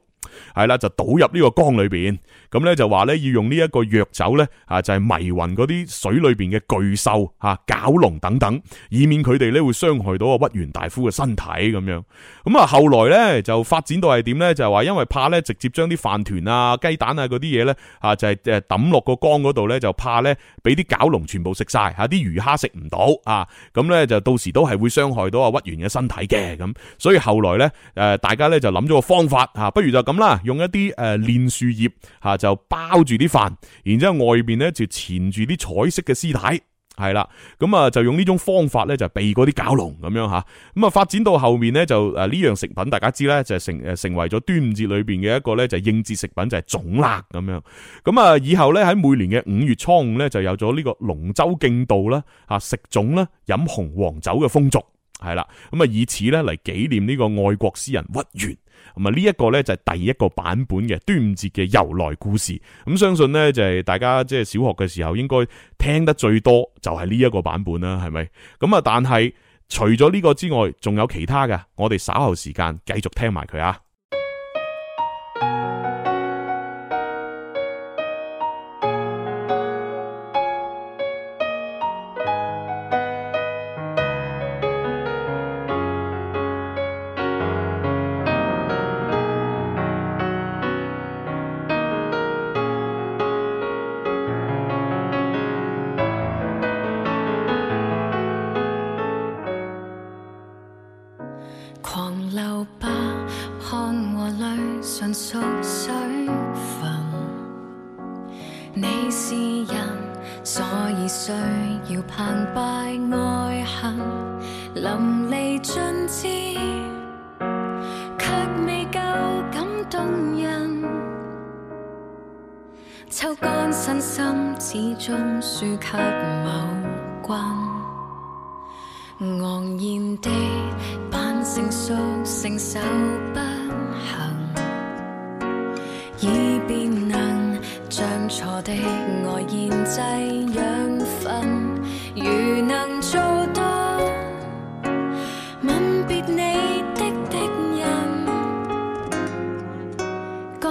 係啦，就倒入呢個江裏邊。咁咧就話咧要用藥呢一個藥酒咧，啊就係、是、迷暈嗰啲水裏邊嘅巨獸吓、蛟、啊、龍等等，以免佢哋咧會傷害到阿屈原大夫嘅身體咁樣。咁啊後來咧就發展到係點咧，就係話因為怕咧直接將啲飯團啊、雞蛋啊嗰啲嘢咧，就係誒抌落個江嗰度咧，就怕咧俾啲蛟龍全部食晒吓，啲魚蝦食唔到啊，咁咧、啊、就到時都係會傷害到阿屈原嘅身體嘅咁。所以後來咧誒、啊、大家咧就諗咗個方法吓、啊，不如就咁啦，用一啲誒楝樹葉吓。啊就包住啲飯，然之後外邊咧就纏住啲彩色嘅絲帶，係啦，咁啊就用呢種方法咧就避嗰啲蛟龍咁樣吓，咁啊發展到後面咧就誒呢樣食品，大家知呢，就成誒成為咗端午節裏邊嘅一個咧就應節食品就係粽啦咁樣，咁啊以後咧喺每年嘅五月初五咧就有咗呢個龍舟競渡啦，吓食粽啦，飲紅黃酒嘅風俗係啦，咁啊以此咧嚟紀念呢個愛國詩人屈原。咁啊，呢一個呢，就係第一個版本嘅端午節嘅由來故事。咁相信呢，就係大家即係小學嘅時候應該聽得最多就係呢一個版本啦，係咪？咁啊，但係除咗呢個之外，仲有其他嘅。我哋稍後時間繼續聽埋佢啊。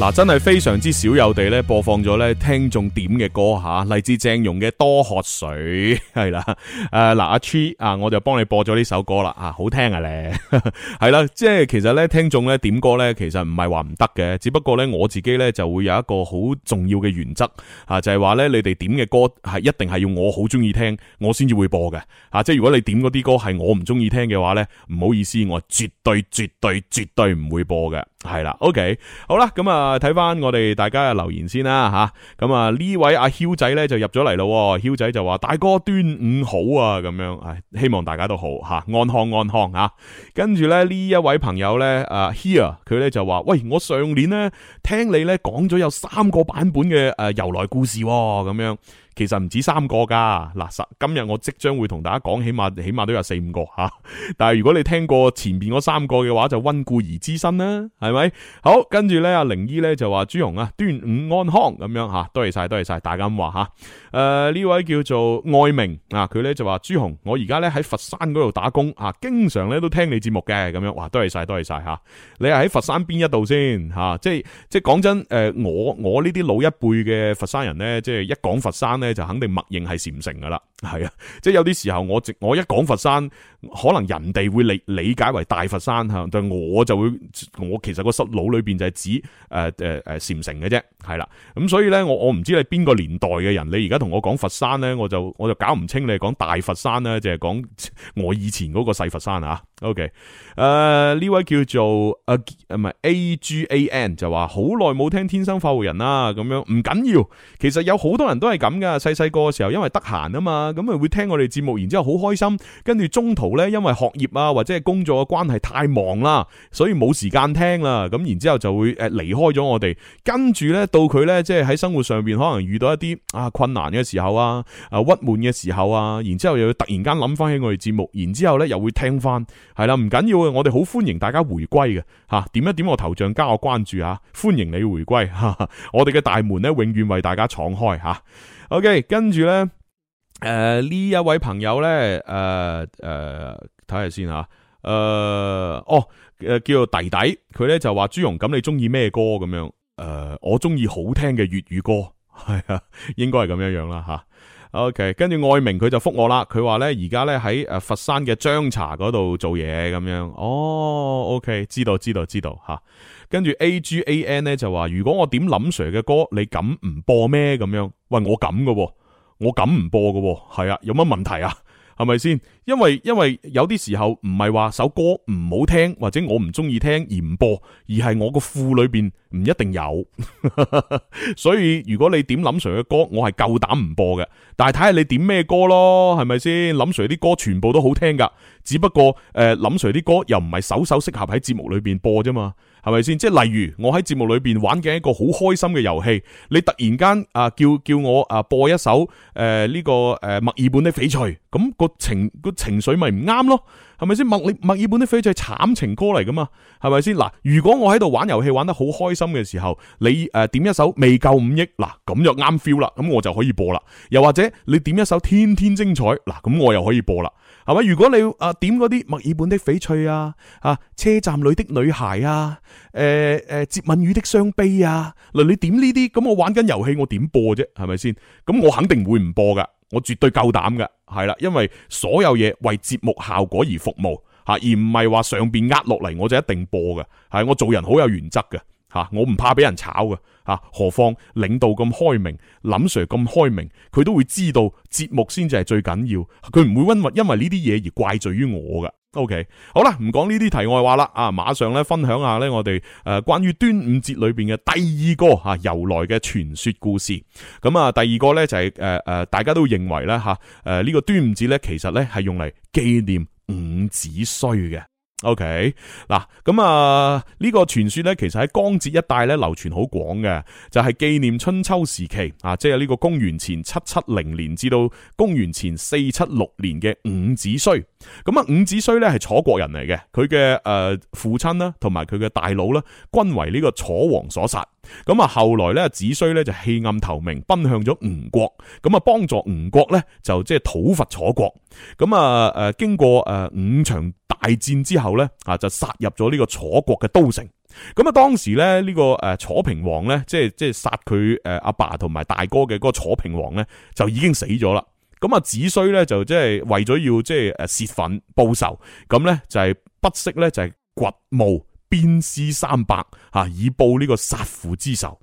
嗱、啊，真係非常之少有地咧播放咗咧聽眾點嘅歌吓，嚟自鄭融嘅多喝水係啦，誒嗱阿 Tree 啊，啊啊 Tree，我就幫你播咗呢首歌啦啊，好聽啊咧，係啦，即係其實咧聽眾咧點歌咧，其實唔係話唔得嘅，只不過咧我自己咧就會有一個好重要嘅原則啊，就係話咧你哋點嘅歌係一定係要我好中意聽，我先至會播嘅啊，即係如果你點嗰啲歌係我唔中意聽嘅話咧，唔好意思，我絕對絕對絕對唔會播嘅，係啦，OK，好啦，咁、嗯、啊。睇翻我哋大家嘅留言先啦，吓，咁啊呢位阿囂仔咧就入咗嚟咯，囂仔就話大哥端午好啊，咁樣唉，希望大家都好吓，安康安康吓。跟住咧呢一位朋友咧，誒，啊，Here 佢咧就話，喂，我上年咧聽你咧講咗有三個版本嘅誒，呃，由來故事喎，咁樣。其實唔止三個噶嗱，今日我即將會同大家講，起碼起碼都有四五個吓。但係如果你聽過前面嗰三個嘅話，就溫故而知新啦，係咪？好，跟住咧，阿靈姨咧就話朱紅啊，端午安康咁樣吓，多謝晒，多謝晒，大家咁話吓。誒、啊、呢位叫做愛明啊，佢咧就話朱紅，我而家咧喺佛山嗰度打工啊，經常咧都聽你節目嘅咁樣。哇，多謝晒，多謝晒吓、啊。你係喺佛山邊一度先吓、啊？即係即係講真誒、呃，我我呢啲老一輩嘅佛山人咧，即係一講佛山咧。就肯定默認係禪城噶啦，係啊，即係有啲時候我直我一講佛山，可能人哋會理理解為大佛山吓，但我就會我其實個室腦裏邊就係指誒誒誒禪城嘅啫，係啦，咁所以咧我我唔知你邊個年代嘅人，你而家同我講佛山咧，我就我就搞唔清你係講大佛山咧、啊，就係講我以前嗰個細佛山啊？OK，誒呢、呃、位叫做誒唔係 A G A N 就話好耐冇聽天生發會人啦，咁樣唔緊要，其實有好多人都係咁噶。細細個嘅時候，因為得閒啊嘛，咁啊會聽我哋節目，然之後好開心。跟住中途咧，因為學業啊或者係工作嘅關係太忙啦，所以冇時間聽啦。咁然之後就會誒離開咗我哋。跟住咧到佢咧即係喺生活上邊可能遇到一啲啊困難嘅時候啊，啊鬱悶嘅時候啊，然之後又要突然間諗翻起我哋節目，然之後咧又會聽翻、啊。係啦，唔緊要嘅，我哋好歡迎大家回歸嘅吓，點一點我頭像加我關注吓，歡迎你回歸，我哋嘅大門咧永遠為大家敞開吓。啊 OK，跟住咧，誒、呃、呢一位朋友咧，誒誒睇下先吓。誒、呃、哦，誒、呃、叫做弟弟，佢咧就話朱蓉，咁你中意咩歌咁樣？誒、呃、我中意好聽嘅粵語歌，係啊，應該係咁樣樣啦吓，OK，跟住愛明佢就覆我啦，佢話咧而家咧喺佛山嘅張茶嗰度做嘢咁樣。哦，OK，知道知道知道吓。跟住 A G A N 咧就話，如果我點林 Sir 嘅歌，你敢唔播咩？咁樣。喂，我敢喎，我敢唔播喎。係啊，有乜問題啊？係咪先？因為因為有啲時候唔係話首歌唔好聽或者我唔中意聽而唔播，而係我個庫裏邊唔一定有， 所以如果你點林 Sir 嘅歌，我係夠膽唔播嘅。但係睇下你點咩歌咯，係咪先？林 Sir 啲歌全部都好聽噶，只不過誒林 Sir 啲歌又唔係首首適合喺節目裏邊播啫嘛。係咪先？即係例如，我喺節目裏邊玩緊一個好開心嘅遊戲，你突然間啊、呃、叫叫我啊播一首誒呢、呃這個誒墨爾本的翡翠，咁、個情、個情緒咪唔啱咯？係咪先？墨你墨爾本的翡翠慘情歌嚟噶嘛？係咪先？嗱，如果我喺度玩遊戲玩得好開心嘅時候，你誒點一首未夠五億，嗱咁就啱 feel 啦，咁我就可以播啦。又或者你點一首天天精彩，嗱咁我又可以播啦。係咪？如果你啊點嗰啲墨爾本的翡翠啊，啊車站裏的女孩啊，誒誒接吻魚的傷悲啊，嗱你點呢啲？咁我玩緊遊戲，我點播啫？係咪先？咁我肯定會唔播噶，我絕對夠膽噶，係啦，因為所有嘢為節目效果而服務吓，而唔係話上邊壓落嚟我就一定播㗎。係我做人好有原則嘅。吓，我唔怕俾人炒嘅，吓，何況領導咁開明，林 Sir 咁開明，佢都會知道節目先至係最緊要，佢唔會溫因為呢啲嘢，而怪罪於我㗎。OK，好啦，唔講呢啲題外話啦，啊，馬上咧分享下咧我哋誒關於端午節裏邊嘅第二個吓由來嘅傳說故事。咁啊，第二個咧就係誒誒，大家都認為咧吓，誒呢個端午節咧其實咧係用嚟紀念伍子胥嘅。OK，嗱咁啊，呢、這個傳說咧，其實喺江浙一帶咧流傳好廣嘅，就係、是、紀念春秋時期啊，即係呢個公元前七七零年至到公元前四七六年嘅伍子胥。咁、嗯、啊，伍子胥咧係楚國人嚟嘅，佢嘅誒父親啦，同埋佢嘅大佬啦，均為呢個楚王所殺。咁、嗯、啊，後來咧，子胥咧就棄暗投明，奔向咗吳國，咁啊，幫助吳國咧就即係討伐楚國。咁、嗯、啊，誒經過誒、呃、五場。大戰之後咧，啊就殺入咗呢個楚國嘅都城。咁啊，當時咧呢個誒楚平王咧，即係即係殺佢誒阿爸同埋大哥嘅嗰個楚平王咧、就係，就已經死咗啦。咁啊，子胥咧就即、係、係為咗要即係誒泄憤報仇，咁咧就係、係、不惜咧就係、係、掘墓鞭屍三百，吓以報呢個殺父之仇。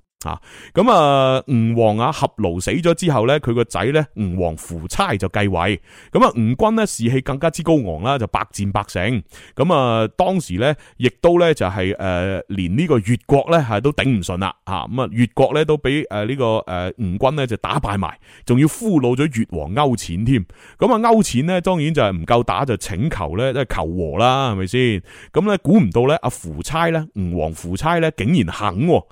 咁啊，吳、呃、王啊，闔廬死咗之後咧，佢個仔咧，吳王夫差就繼位。咁、嗯、啊，吳軍呢，士氣更加之高昂啦，就百戰百勝。咁、嗯、啊，當時咧，亦都咧就係、是、誒、呃，連呢個越國咧係都頂唔順啦。吓，咁啊，越國咧都俾誒、呃這個呃、呢個誒吳軍呢就打敗埋，仲要俘虜咗越王勾踐添。咁、嗯、啊，勾踐呢，當然就係唔夠打，就請求咧即係求和啦，係咪先？咁、嗯、咧，估唔到咧、啊，阿夫差咧，吳王夫差咧，竟然肯、哦。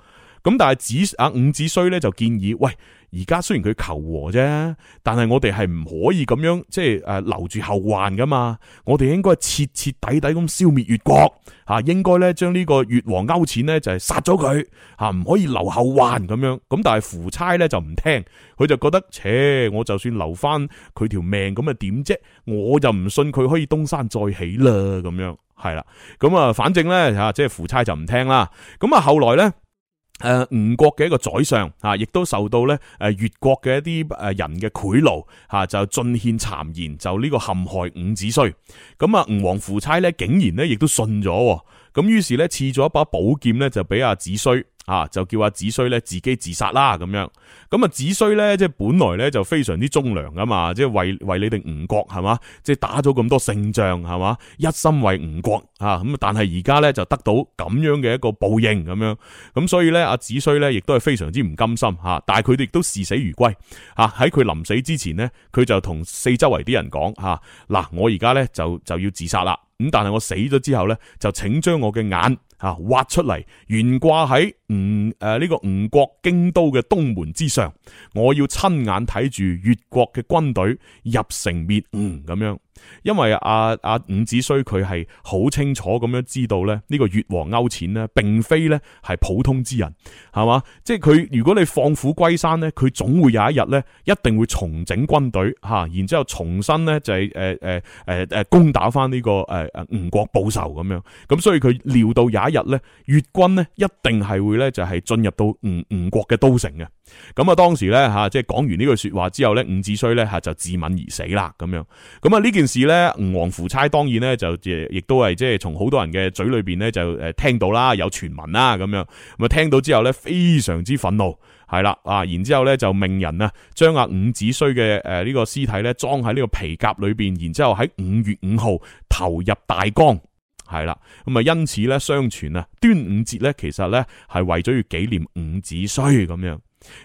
咁但係子啊伍子胥咧就建議，喂，而家雖然佢求和啫，但係我哋係唔可以咁樣，即係誒留住後患噶嘛？我哋應該徹徹底底咁消滅越國，吓、啊、應該咧將呢個越王勾踐呢，就係殺咗佢，吓、啊、唔可以留後患咁樣。咁但係夫差咧就唔聽，佢就覺得，切，我就算留翻佢條命咁啊點啫？我就唔信佢可以東山再起啦咁樣，係啦。咁啊，反正咧吓即係夫差就唔聽啦。咁啊，後來咧。誒，吳、呃、國嘅一個宰相，吓、啊、亦都受到咧誒、啊、越國嘅一啲誒、啊、人嘅賄賂，吓、啊、就進獻讒言，就呢個陷害伍子胥。咁啊，吳王夫差咧竟然咧亦都信咗、啊。咁於是咧，賜咗一把寶劍咧，就俾阿子胥啊，就叫阿子胥咧自己自殺啦咁樣。咁啊，子胥咧即係本來咧就非常之忠良㗎嘛，即係為為你哋吳國係嘛，即係打咗咁多勝仗係嘛，一心為吳國啊。咁但係而家咧就得到咁樣嘅一個報應咁樣。咁所以咧，阿子胥咧亦都係非常之唔甘心吓，但係佢哋亦都視死如歸吓。喺佢臨死之前呢，佢就同四周圍啲人講吓：嗱，我而家咧就就要自殺啦。咁但係我死咗之後咧，就請將我嘅眼，吓、啊、挖出嚟懸掛喺吳誒呢個吳國京都嘅東門之上，我要親眼睇住越國嘅軍隊入城滅吳咁樣。因為阿阿伍子胥佢係好清楚咁樣知道咧呢、這個越王勾踐咧，並非咧係普通之人，係嘛？即係佢如果你放虎歸山咧，佢總會有一日咧，一定會重整軍隊吓、啊，然之後重新咧就係誒誒誒誒攻打翻呢、這個誒誒吳國報仇咁樣。咁所以佢料到有一日咧，越軍呢，一定係會咧就係進入到吳吳國嘅都城嘅。咁啊，當時咧吓，即係講完呢句說話之後咧，伍子胥咧吓就自刎而死啦。咁樣，咁啊呢件事咧，吳王夫差當然咧就亦亦都係即係從好多人嘅嘴裏邊咧就誒聽到啦，有傳聞啦咁樣。咁啊聽到之後咧，非常之憤怒，係啦啊，然之後咧就命人啊將啊伍子胥嘅誒呢個屍體咧裝喺呢個皮夾裏邊，然之後喺五月五號投入大江。係啦，咁啊，因此咧，相傳啊，端午節咧，其實咧係為咗要紀念伍子胥咁樣。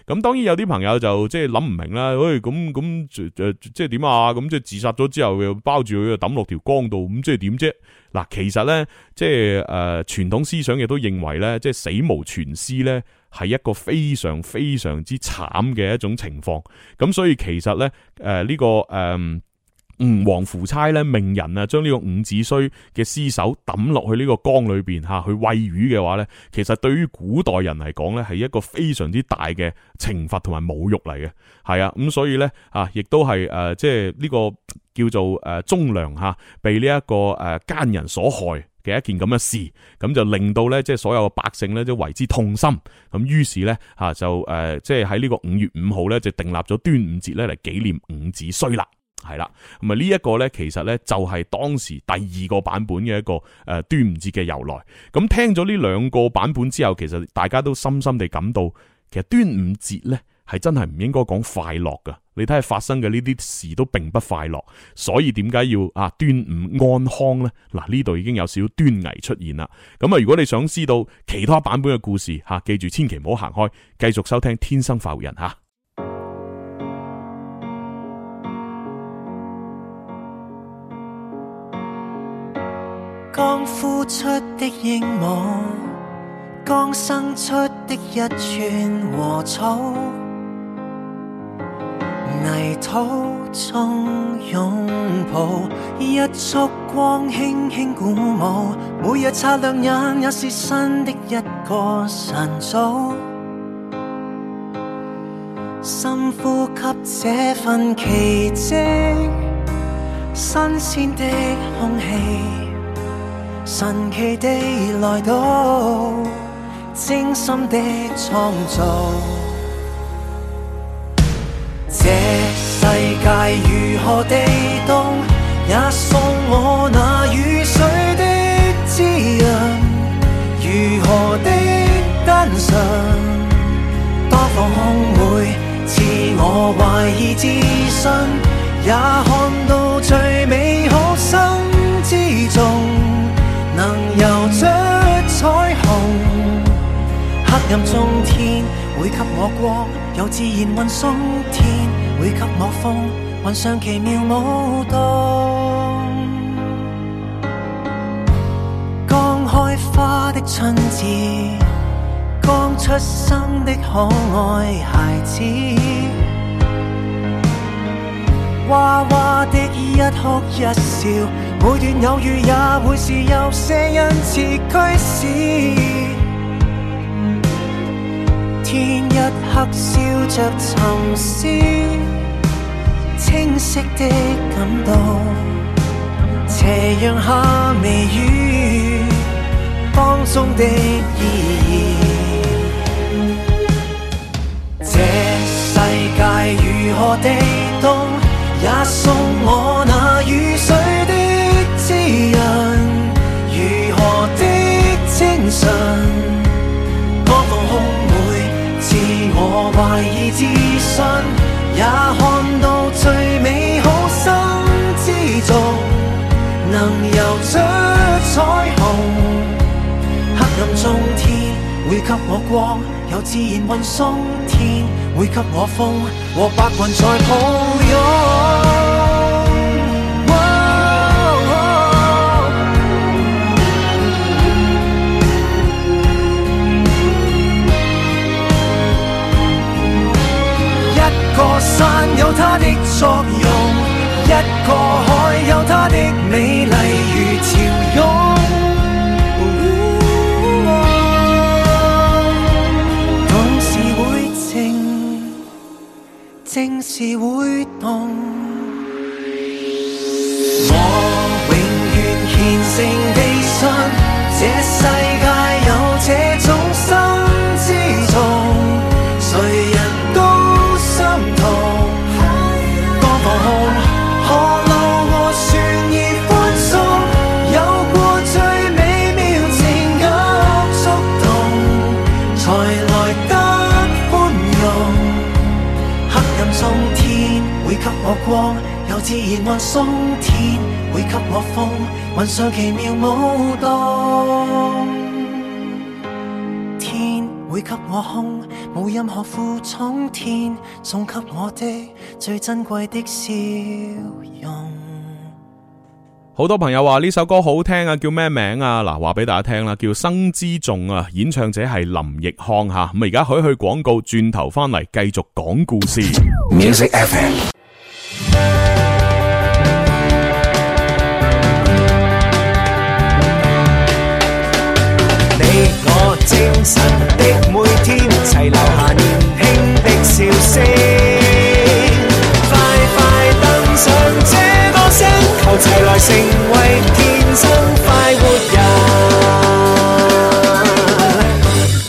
咁當然有啲朋友就即係諗唔明啦，誒，咁咁誒，即係點啊？咁即係自殺咗之後又包住佢，抌落條江度，咁即係點啫？嗱，其實咧，即係誒，傳統思想亦都認為咧，即係死無全屍咧，係一個非常非常之慘嘅一種情況。咁所以其實咧，誒、呃、呢、這個誒。呃吳王夫差咧，命人啊，將呢個伍子胥嘅屍首抌落去呢個江裏邊吓，去餵魚嘅話咧，其實對於古代人嚟講咧，係一個非常之大嘅懲罰同埋侮辱嚟嘅，係啊，咁所以咧啊，亦都係誒，即係呢個叫做誒忠良吓，被呢一個誒奸人所害嘅一件咁嘅事，咁就令到咧，即係所有百姓咧都為之痛心，咁於是咧吓就誒，即係喺呢個五月五號咧就訂立咗端午節咧嚟紀念伍子胥啦。係啦，咁呢一個呢，其實呢，就係當時第二個版本嘅一個誒、呃、端午節嘅由來。咁聽咗呢兩個版本之後，其實大家都深深地感到，其實端午節呢係真係唔應該講快樂噶。你睇下發生嘅呢啲事都並不快樂，所以點解要啊端午安康呢？嗱，呢度已經有少少端倪出現啦。咁啊，如果你想知道其他版本嘅故事吓，記住千祈唔好行開，繼續收聽《天生浮人》吓。呼出的鸚鵡，剛生出的一串禾草，泥土中擁抱，一束光輕輕鼓舞，每日擦亮眼，也是新的一個晨早，深呼吸這份奇蹟，新鮮的空氣。神奇地來到，精心的創造，這世界如何地凍，也送我那雨水的滋潤。如何的單純，多放空，每次我懷疑自信，也看到最美。暗中天會給我光，又自然運送；天會給我風，雲上奇妙舞動。剛開花的春節，剛出生的可愛孩子，娃娃的一哭一笑，每段偶遇也會是有些恩賜驅使。見一刻笑着沉思，清晰的感動，斜陽下微雨，當中的意義。這世界如何地凍，也送我那雨水的滋潤，如何的精神。我懷疑自信，也看到最美好生之中能遊出彩虹。黑暗中天會給我光，有自然運送，天會給我風和白雲在抱擁。一個山有他的作用，一個海有他的美麗如潮湧。動是會靜，靜是會動。天會給我風，雲上奇妙舞動。天會給我空，無任何負重。天送給我的最珍貴的笑容。好多朋友話呢首歌好聽啊，叫咩名啊？嗱，話俾大家聽啦，叫《生之頌》啊，演唱者係林奕匡吓。咁而家許去廣告，轉頭翻嚟繼續講故事。Music FM。精神的每天，齊留下年輕的笑聲。快快登上這歌聲，求齊來成為天生快活人。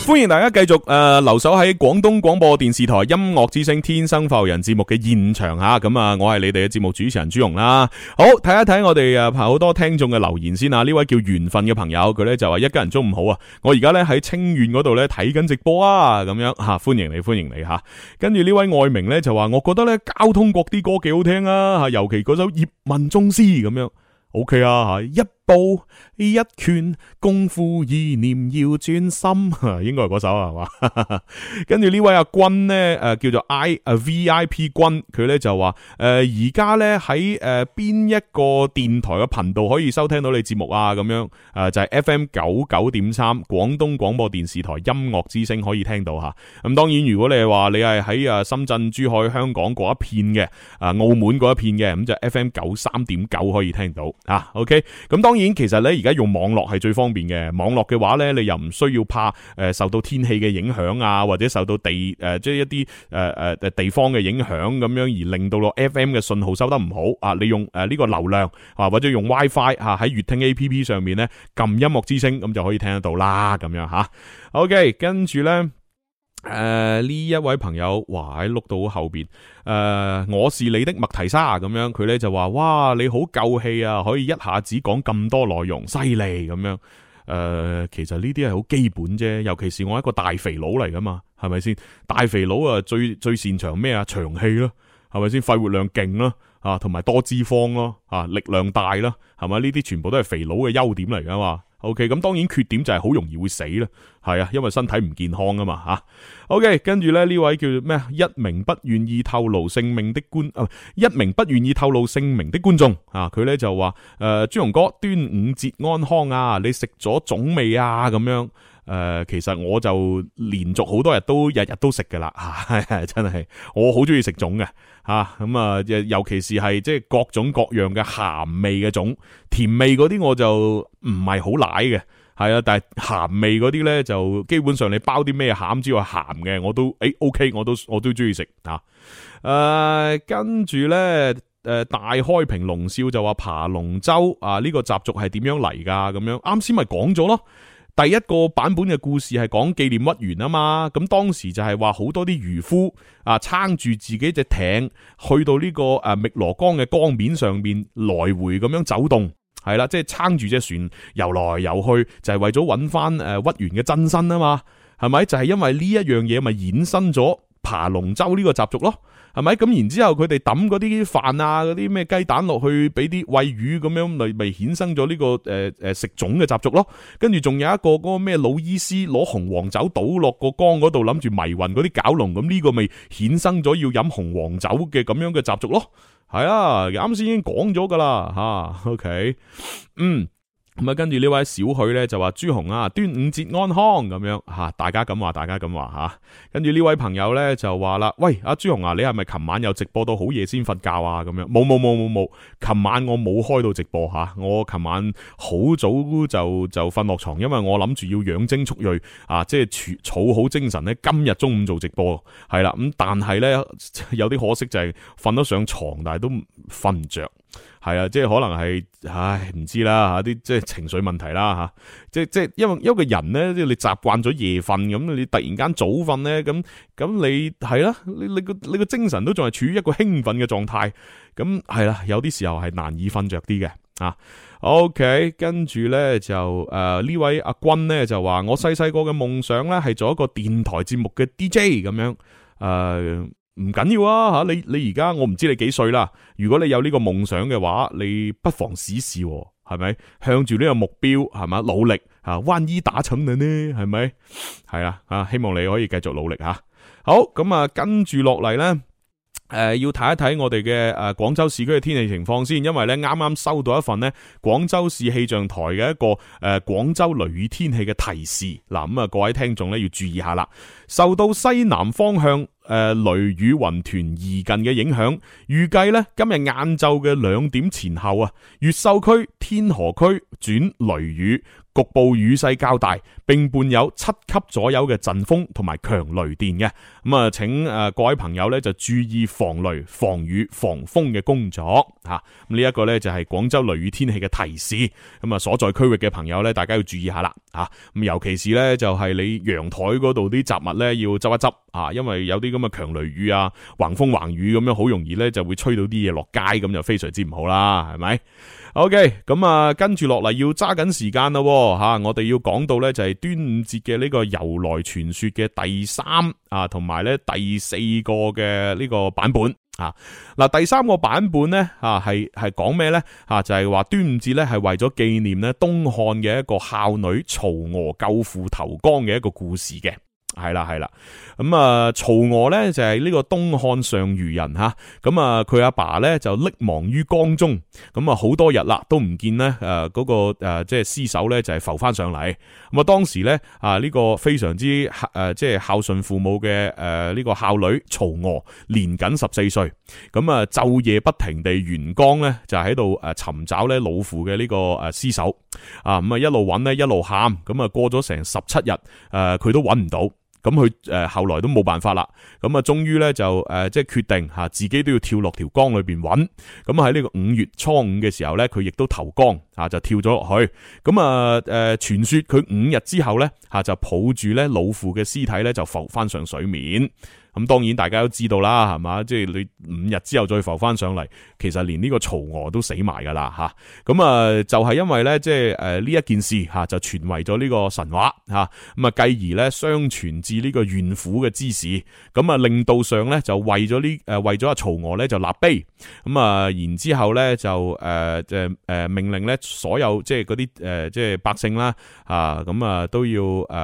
歡迎大家繼續誒、呃、留守喺廣東廣播電視台音樂之聲《天生浮人》節目嘅現場吓，咁啊，我係你哋嘅節目主持人朱蓉啦。好，睇一睇我哋誒，好、啊、多聽眾嘅留言先啊。呢位叫緣分嘅朋友，佢呢就話一家人中午好啊。我而家呢喺清遠嗰度呢睇緊直播啊，咁樣吓、啊，歡迎你，歡迎你吓。跟住呢位愛明呢，就話，我覺得呢交通國啲歌幾好聽啊。啊，尤其嗰首《葉問宗師》咁樣，OK 啊吓、啊、一。報一拳功夫意念要專心， 應該係嗰首係嘛？ 跟住呢位阿君咧，誒、呃、叫做 I 誒、啊、V I P 君，佢咧就話誒而家咧喺誒邊一個電台嘅頻道可以收聽到你節目啊？咁樣誒、呃、就係、是、F M 九九點三廣東廣播電視台音樂之聲可以聽到吓。咁、啊嗯、當然如果你係話你係喺啊深圳、珠海、香港一片嘅，啊澳門一片嘅，咁就 F M 九三點九可以聽到啊 OK，咁、嗯、當。當然，其實咧而家用網絡係最方便嘅。網絡嘅話咧，你又唔需要怕誒受到天氣嘅影響啊，或者受到地誒、呃、即係一啲誒誒誒地方嘅影響咁樣，而令到落 FM 嘅信號收得唔好啊。你用誒呢個流量啊，或者用 WiFi 吓、啊、喺粵聽 APP 上面咧，撳音樂之聲咁就可以聽得到啦。咁樣吓，OK，跟住咧。誒，、呢、呃、一位朋友，話喺碌到後邊，誒、呃，我是你的麥提莎咁樣，佢咧就話，哇，你好夠氣啊，可以一下子講咁多內容，犀利咁樣。誒、呃，其實呢啲係好基本啫，尤其是我一個大肥佬嚟噶嘛，係咪先？大肥佬啊，最最擅長咩啊？長氣咯，係咪先？肺活量勁咯、啊，啊，同埋多脂肪咯、啊，啊，力量大啦、啊，係咪？呢啲全部都係肥佬嘅優點嚟噶嘛。O K，咁當然缺點就係好容易會死啦，係啊，因為身體唔健康啊嘛吓。O K，跟住咧，呢位叫做咩啊，一名不願意透露姓名的觀啊，一名不願意透露姓名的觀眾啊，佢咧就話，誒、呃，朱雄哥，端午節安康啊，你食咗粽未啊？咁樣誒，其實我就連續好多日都日日都食噶啦，真係我好中意食粽嘅。吓咁啊！尤其是係即係各種各樣嘅鹹味嘅粽，甜味嗰啲我就唔係好奶嘅，係啊！但係鹹味嗰啲咧就基本上你包啲咩餡之外鹹嘅，我都誒、欸、OK，我都我都中意食吓。誒、啊啊，跟住咧誒，大開瓶龍少就話爬龍舟啊！呢、這個習俗係點樣嚟噶？咁樣啱先咪講咗咯。第一個版本嘅故事係講紀念屈原啊嘛，咁當時就係話好多啲漁夫啊撐住自己隻艇去到呢個誒汨羅江嘅江面上面，來回咁樣走動，係啦，即係撐住隻船游來游去就是是，就係為咗揾翻誒屈原嘅真身啊嘛，係咪？就係因為呢一樣嘢，咪衍生咗扒龍舟呢個習俗咯。係咪咁？然之後佢哋抌嗰啲飯啊，嗰啲咩雞蛋落去俾啲餵魚咁樣，咪咪衍生咗呢個誒誒食粽嘅習俗咯。跟住仲有一個嗰個咩老醫師攞紅黃酒倒落個缸嗰度，諗住迷暈嗰啲蛟龍，咁呢個咪衍生咗要飲紅黃酒嘅咁樣嘅習俗咯。係啊，啱先已經講咗噶啦，吓、啊，OK，嗯。咁啊，跟住呢位小許咧就話朱紅啊，端午節安康咁樣吓，大家咁話，大家咁話吓。跟住呢位朋友咧就話啦，喂，阿朱紅啊，你係咪琴晚又直播到好夜先瞓覺啊？咁樣，冇冇冇冇冇，琴晚我冇開到直播吓，我琴晚好早就就瞓落床，因為我諗住要養精蓄銳啊，即係儲好精神咧，今日中午做直播係啦。咁但係咧有啲可惜就係瞓得上床，但係都瞓唔着。係啊，即係可能係，唉，唔知啦吓，啲即係情緒問題啦吓，即係即係，因為一個人咧，即係你習慣咗夜瞓，咁你突然間早瞓咧，咁咁你係啦、啊，你你個你個精神都仲係處於一個興奮嘅狀態，咁係啦，有啲時候係難以瞓着啲嘅啊。OK，跟住咧就誒呢、呃、位阿君咧就話，我細細個嘅夢想咧係做一個電台節目嘅 DJ 咁樣誒。呃唔緊要啊吓，你你而家我唔知你幾歲啦。如果你有呢個夢想嘅話，你不妨試試、啊，係咪向住呢個目標，係咪？努力啊萬一打沉你呢？係咪？係啊，啊希望你可以繼續努力吓、啊。好，咁、嗯、啊跟住落嚟呢，誒、呃、要睇一睇我哋嘅誒廣州市區嘅天氣情況先，因為呢啱啱收到一份呢廣州市氣象台嘅一個誒廣、呃、州雷雨天氣嘅提示嗱，咁啊、嗯、各位聽眾呢，要注意下啦，受到西南方向。誒、呃，雷雨雲團移近嘅影響，預計呢今日晏晝嘅兩點前後啊，越秀區、天河區轉雷雨。局部雨勢較大，並伴有七級左右嘅陣風同埋強雷電嘅，咁啊，請誒各位朋友咧就注意防雷、防雨、防風嘅工作，吓，咁呢一個咧就係廣州雷雨天氣嘅提示，咁啊所在區域嘅朋友咧，大家要注意下啦，吓、啊、咁尤其是咧就係你陽台嗰度啲雜物咧要執一執，啊，因為有啲咁嘅強雷雨啊、橫風橫雨咁樣，好容易咧就會吹到啲嘢落街，咁就非常之唔好啦，係咪？Ok，咁啊，跟住落嚟要揸緊時間咯，吓，我哋要講到咧就係端午節嘅呢個由來傳說嘅第三啊，同埋咧第四個嘅呢個版本啊，嗱，第三個版本咧啊係係講咩咧？吓，就係話端午節咧係為咗紀念咧東漢嘅一個孝女曹娥救父投江嘅一個故事嘅。係啦，係啦。咁啊、嗯，曹娥咧就係、是、呢個東漢上虞人吓。咁啊，佢阿爸咧就溺亡於江中。咁、嗯、啊，好多日啦，都唔見、呃那個呃就是、呢誒嗰個誒即係屍首咧就係、是、浮翻上嚟。咁、嗯、啊，當時咧啊呢、這個非常之誒即係孝順父母嘅誒呢個孝女曹娥年僅十四歲。咁、嗯、啊、呃，晝夜不停地沿江咧就喺度誒尋找咧老父嘅呢個誒屍首。啊咁啊、嗯，一路揾呢，一路喊。咁、嗯、啊，過咗成十七日誒，佢、呃、都揾唔到。咁佢誒，後來都冇辦法啦。咁啊，終於咧就誒，即係決定吓，自己都要跳落條江裏邊揾。咁喺呢個五月初五嘅時候咧，佢亦都投江啊，就跳咗落去。咁啊，誒、呃，傳說佢五日之後咧吓，就抱住咧老父嘅屍體咧，就浮翻上水面。咁當然大家都知道啦，係嘛？即係你五日之後再浮翻上嚟，其實連呢個曹娥都死埋噶啦嚇。咁啊，就係因為咧，即係誒呢一件事嚇，就傳為咗呢個神話嚇。咁啊，繼而咧，相傳至呢個怨婦嘅之事。咁啊，令道上咧就為咗呢誒，為咗阿曹娥咧就立碑。咁啊，然之後咧就誒即係命令咧所有即係嗰啲誒即係百姓啦嚇，咁啊都要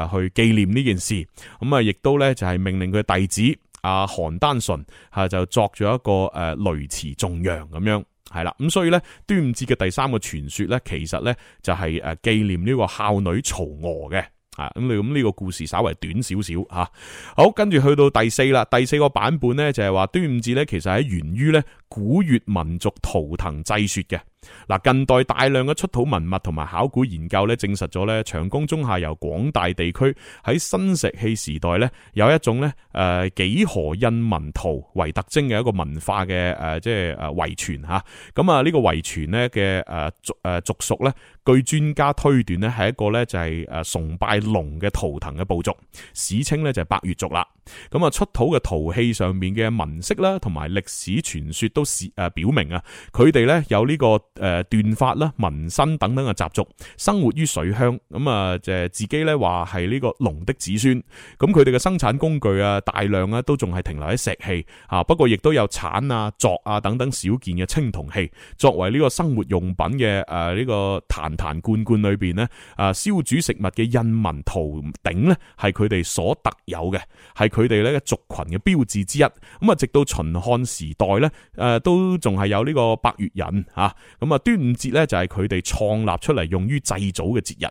去紀念呢件事。咁啊，亦都咧就係命令佢弟子。阿韓、啊、丹純吓、啊、就作咗一個誒、啊、雷池重陽咁樣係啦，咁所以咧端午節嘅第三個傳說咧，其實咧就係誒紀念呢個孝女曹娥嘅，咁你咁呢個故事稍微短少少吓，好跟住，去到第四啦，第四個版本咧就係、是、話端午節咧其實喺源於咧古越民族圖騰祭說嘅。嗱，近代大量嘅出土文物同埋考古研究咧，證實咗咧長江中下游廣大地區喺新石器時代咧，有一種咧誒幾何印紋陶為特徵嘅一個文化嘅誒即係誒遺存吓。咁啊呢個遺存咧嘅誒族誒族屬咧，據專家推斷呢，係一個咧就係誒崇拜龍嘅圖騰嘅部族，史稱咧就百越族啦。咁啊出土嘅陶器上面嘅紋飾啦，同埋歷史傳說都誒表明啊，佢哋咧有呢、這個。誒，斷髮啦、紋身等等嘅習俗，生活於水鄉，咁啊，即係自己咧話係呢個龍的子孫，咁佢哋嘅生產工具啊，大量啊都仲係停留喺石器啊，不過亦都有鏟啊、鑿啊等等少見嘅青銅器，作為呢個生活用品嘅誒呢個壇壇罐罐裏邊呢，啊，燒煮食物嘅印紋陶鼎呢，係佢哋所特有嘅，係佢哋咧族群嘅標誌之一。咁啊，直到秦漢時代咧，誒，都仲係有呢個百越人啊。咁啊，端午節咧就係佢哋創立出嚟用於祭祖嘅節日，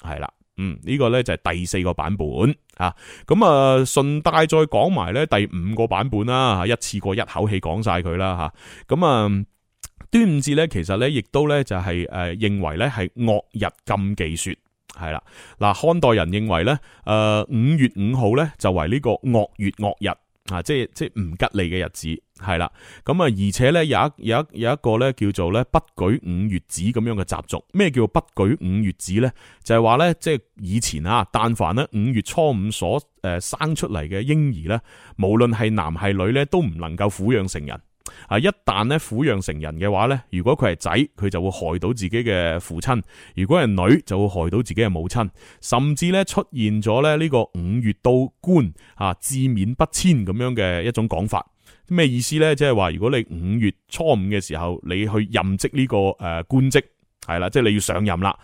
係啦，嗯，呢個咧就係第四個版本啊。咁啊，順帶再講埋咧第五個版本啦，吓一次過一口氣講晒佢啦，吓。咁啊，端午節咧其實咧亦都咧就係誒認為咧係惡日禁忌說，係啦。嗱，漢代人認為咧，誒五月五號咧就為呢個惡月惡日。啊，即係即係唔吉利嘅日子，係啦。咁啊，而且咧有一有一有一個咧叫做咧不舉五月子咁樣嘅習俗。咩叫不舉五月子咧？就係話咧即係以前啊，但凡咧五月初五所誒生出嚟嘅嬰兒咧，無論係男係女咧，都唔能夠撫養成人。啊！一旦咧撫養成人嘅話咧，如果佢係仔，佢就會害到自己嘅父親；如果係女，就會害到自己嘅母親。甚至咧出現咗咧呢個五月到官，吓至免不遷咁樣嘅一種講法。咩意思咧？即係話如果你五月初五嘅時候，你去任職呢個誒官職，係啦，即係你要上任啦。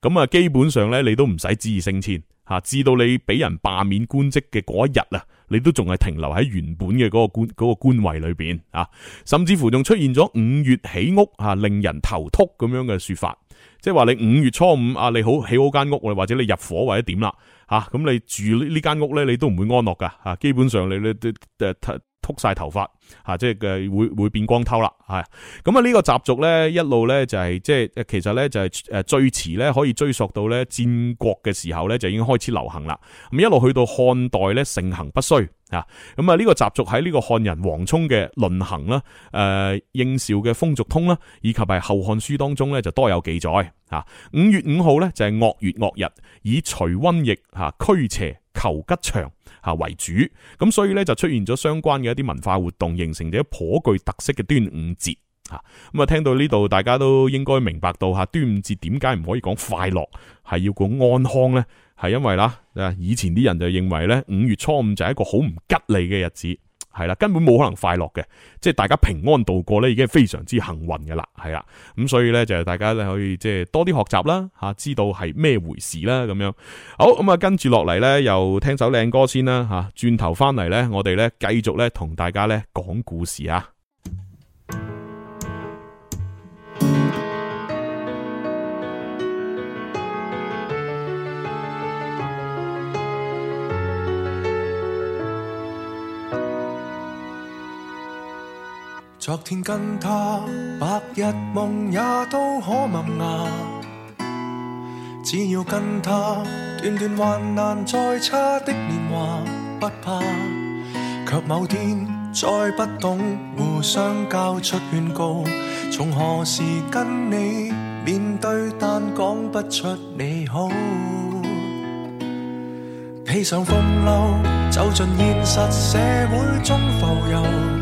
咁啊，基本上咧你都唔使指意升遷，吓至到你俾人罷免官職嘅嗰一日啊！你都仲係停留喺原本嘅嗰個官嗰個官位裏邊啊，甚至乎仲出現咗五月起屋啊，令人頭禿咁樣嘅說法，即係話你五月初五啊，你好起好間屋，或者你入伙或者點啦，吓、啊、咁你住呢間屋咧，你都唔會安樂噶，吓、啊、基本上你你,你、呃呃呃禿晒頭髮，吓，即係嘅會會變光頭啦，係咁啊，呢個習俗咧一路咧就係即係其實咧就係誒最遲咧可以追溯到咧戰國嘅時候咧就已經開始流行啦，咁一路去到漢代咧盛行不衰，吓咁啊呢個習俗喺呢個漢人王充嘅《論衡》啦，誒應劭嘅《風俗通》啦，以及係《後漢書》當中咧就多有記載，吓、嗯、五月五號咧就係惡月惡日，以除瘟疫吓驅邪求吉祥。為主，咁所以咧就出現咗相關嘅一啲文化活動，形成咗頗具特色嘅端午節咁啊，聽到呢度大家都應該明白到嚇端午節點解唔可以講快樂，係要講安康咧？係因為啦，啊以前啲人就認為咧，五月初五就係一個好唔吉利嘅日子。係啦，根本冇可能快樂嘅，即係大家平安度過咧，已經係非常之幸運嘅啦，係啦，咁所以咧就係大家咧可以即係多啲學習啦，吓知道係咩回事啦，咁樣好咁啊，跟住落嚟咧又聽首靚歌先啦，吓轉頭翻嚟咧，我哋咧繼續咧同大家咧講故事啊。昨天跟他，白日夢也都可萌芽。只要跟他，段段患難再差的年華不怕。卻某天再不懂互相交出勸告，從何時跟你面對，但講不出你好。披上風褸，走進現實社會中浮游。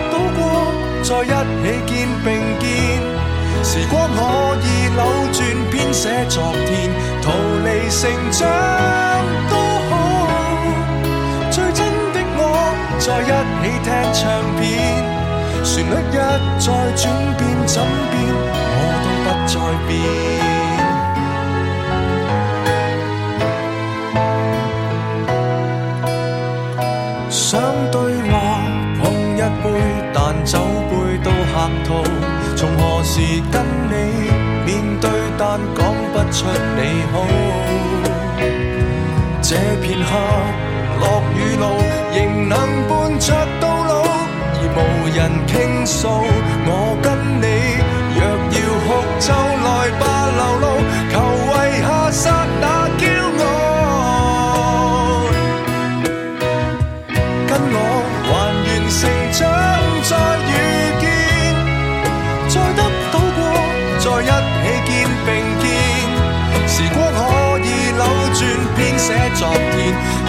再一起肩並肩，時光可以扭轉，編寫昨天，逃離成長都好。最真的我，在一起聽唱片，旋律一再轉變怎變，我都不再變。何時跟你面對，但講不出你好。這片刻樂與怒，仍能伴着到老，而無人傾訴。我跟你若要哭，就來吧，流露。昨天。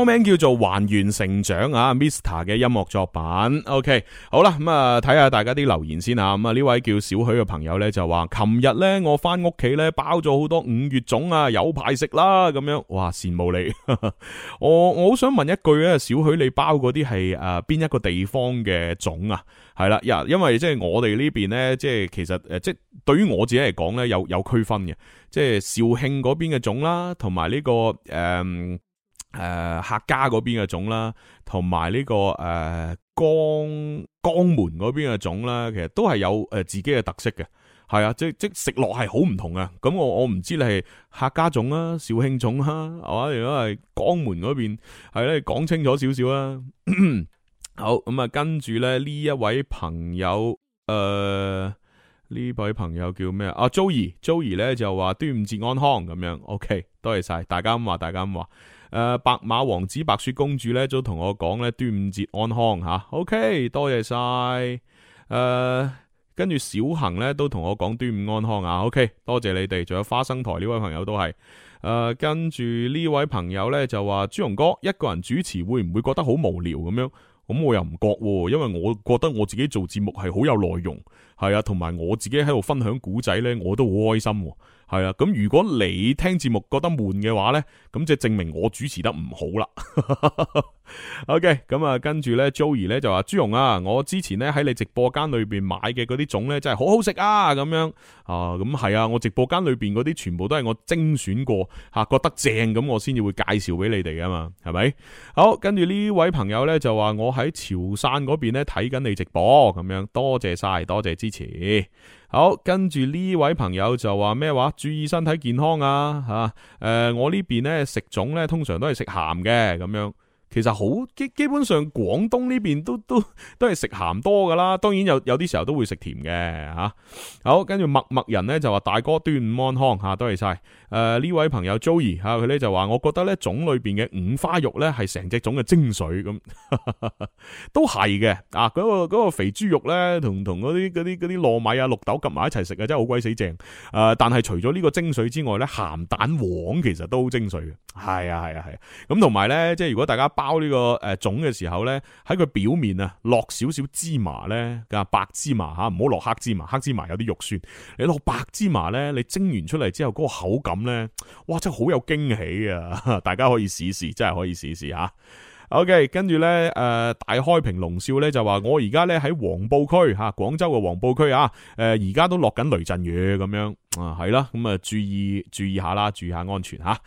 歌名叫做《還原成長》啊 Mr 嘅音樂作品。OK，好啦，咁啊睇下大家啲留言先啊。咁啊呢位叫小許嘅朋友咧就話，琴日咧我翻屋企咧包咗好多五月粽啊，有排食啦。咁樣，哇，羨慕你！ 我我好想問一句咧，小許你包嗰啲係誒邊一個地方嘅粽啊？係啦，因因為即係我哋呢邊咧，即係其實誒，即係對於我自己嚟講咧，有有區分嘅，即係肇慶嗰邊嘅粽啦，同埋呢個誒。呃誒、呃，客家嗰邊嘅種啦，同埋呢個誒江江門嗰邊嘅種啦，其實都係有誒自己嘅特色嘅，係啊，即即食落係好唔同啊。咁我我唔知你係客家種啊，肇慶種啊，係嘛？如果係江門嗰邊，係咧講清楚少少啦。好，咁、嗯、啊，跟住咧呢一位朋友，誒、呃、呢位朋友叫咩啊？Joey，Joey 咧 Joey 就話端午節安康咁樣。OK，多謝晒，大家咁話，大家咁話。誒、呃，白馬王子、白雪公主咧，都同我講咧，端午節安康吓、啊。OK，多謝晒。誒、啊，跟住小恒咧都同我講端午安康啊。OK，多謝你哋。仲有花生台呢位朋友都係誒，跟住呢位朋友咧就話朱榮哥一個人主持會唔會覺得好無聊咁樣？咁我又唔覺喎，因為我覺得我自己做節目係好有內容，係啊，同埋我自己喺度分享古仔咧，我都好開心、啊。係啊，咁如果你聽節目覺得悶嘅話呢，咁就證明我主持得唔好啦。 OK，咁啊，跟住呢 Joey 呢就話朱蓉啊，我之前呢喺你直播間裏邊買嘅嗰啲粽呢，真係好好食啊，咁樣啊，咁係啊，我直播間裏邊嗰啲全部都係我精選過吓、啊，覺得正咁，我先至會介紹俾你哋㗎嘛，係咪？好，跟住呢位朋友呢，就話我喺潮汕嗰邊呢，睇緊你直播，咁樣多謝晒，多謝支持。好，跟住呢位朋友就話咩話？注意身體健康啊！吓、啊，誒、呃，我呢邊咧食粽咧，通常都係食鹹嘅咁樣。.其實好基基本上廣東呢邊都都都係食鹹多噶啦，當然有有啲時候都會食甜嘅吓、啊。好，跟住默默人咧就話大哥端午安康吓、啊，多謝晒。誒、呃、呢位朋友 Joey 吓、啊、佢咧就話，我覺得咧粽裏邊嘅五花肉咧係成隻粽嘅精髓咁、嗯，都係嘅啊。嗰、那個、那個肥豬肉咧同同嗰啲啲啲糯米啊綠豆夾埋一齊食啊，真係好鬼死正。誒、呃，但係除咗呢個精髓之外咧，鹹蛋黃其實都好精髓嘅。係啊係啊係。咁同埋咧，即係如果大家。包呢、這個誒、呃、粽嘅時候咧，喺佢表面啊落少少芝麻咧，白芝麻吓，唔好落黑芝麻，黑芝麻有啲肉酸。你落白芝麻咧，你蒸完出嚟之後嗰個口感咧，哇真係好有驚喜啊！大家可以試試，真係可以試試吓。OK，跟住咧誒大開平龍少咧就話我而家咧喺黃埔區吓，廣、啊、州嘅黃埔區啊，誒而家都落緊雷陣雨咁樣啊，係啦，咁啊注意注意下啦，注意下安全吓。啊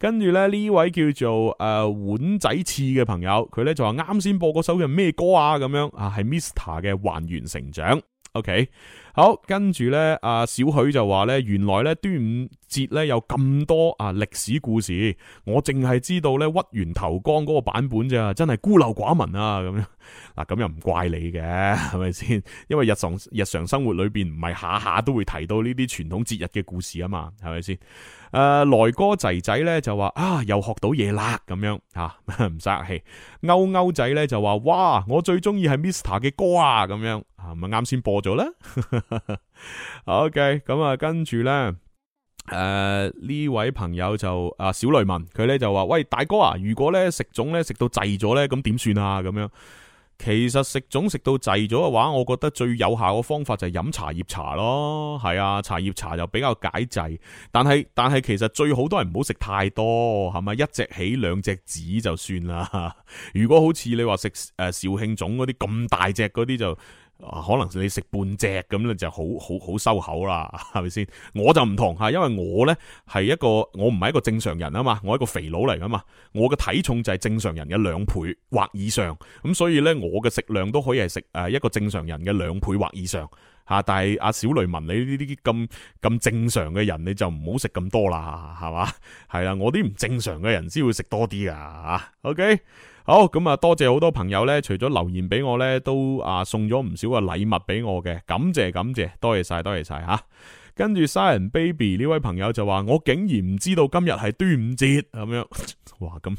跟住咧呢位叫做誒碗、呃、仔翅嘅朋友，佢咧就話啱先播嗰首叫咩歌啊？咁樣啊，係 Mr. 嘅《還原成長》，OK。好，跟住咧，小許就話咧，原來咧端午節咧有咁多啊歷史故事，我淨係知道咧屈原投江嗰個版本咋，真係孤陋寡聞啊咁樣。嗱、啊，咁又唔怪你嘅，係咪先？因為日常日常生活裏邊唔係下下都會提到呢啲傳統節日嘅故事啊嘛，係咪先？誒、啊，來哥仔仔咧就話啊，又學到嘢啦咁樣吓，唔、啊、生氣。歐歐仔咧就話哇，我最中意係 Mr. 嘅歌啊咁樣。咁咪啱先播咗啦。 OK，咁啊，跟住咧，誒呢位朋友就啊小雷文佢咧就話，喂，大哥啊，如果咧食種咧食到滯咗咧，咁點算啊？咁樣其實食種食到滯咗嘅話，我覺得最有效嘅方法就係飲茶葉茶咯。係啊，茶葉茶就比較解滯。但係但係其實最好都係唔好食太多，係咪一隻起兩隻子就算啦。如果好似你話食誒肇、呃、慶種嗰啲咁大隻嗰啲就。可能你食半隻咁就好好好收口啦，係咪先？我就唔同吓，因為我呢係一個我唔係一個正常人啊嘛，我係一個肥佬嚟噶嘛，我嘅體重就係正常人嘅兩倍或以上，咁所以呢，我嘅食量都可以係食誒一個正常人嘅兩倍或以上吓，但係阿小雷文你呢啲咁咁正常嘅人，你就唔好食咁多啦，係嘛？係啦，我啲唔正常嘅人先會食多啲㗎。OK。好咁啊！多謝好多朋友咧，除咗留言俾我咧，都啊送咗唔少嘅禮物俾我嘅，感謝感謝，多謝晒多謝晒吓、啊。跟住 Siren Baby 呢位朋友就話：我竟然唔知道今日係端午節咁樣，哇咁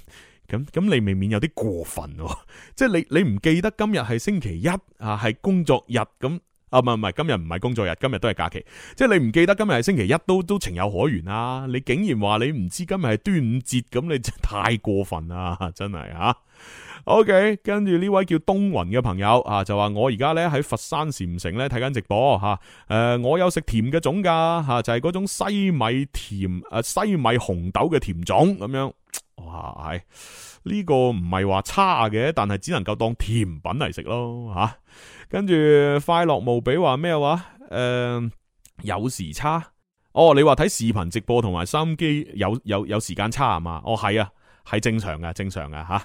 咁咁你未免有啲過分、啊，即係你你唔記得今日係星期一啊，係工作日咁。啊，唔唔，今日唔係工作日，今日都係假期，即係你唔記得今日係星期一都都情有可原啦、啊。你竟然話你唔知今日係端午節咁，你真太過分啦、啊，真係啊。OK，跟住呢位叫東云嘅朋友啊，就話我而家咧喺佛山禪城咧睇緊直播吓，誒、啊，我有食甜嘅粽噶吓、啊，就係、是、嗰種西米甜誒、啊、西米紅豆嘅甜粽咁樣。哇係呢、哎，這個唔係話差嘅，但係只能夠當甜品嚟食咯吓。跟、啊、住快樂無比話咩話？誒、嗯，有時差哦。你話睇視頻直播同埋收音機有有有時間差啊嘛？哦係啊，係正常嘅，正常嘅吓。誒、啊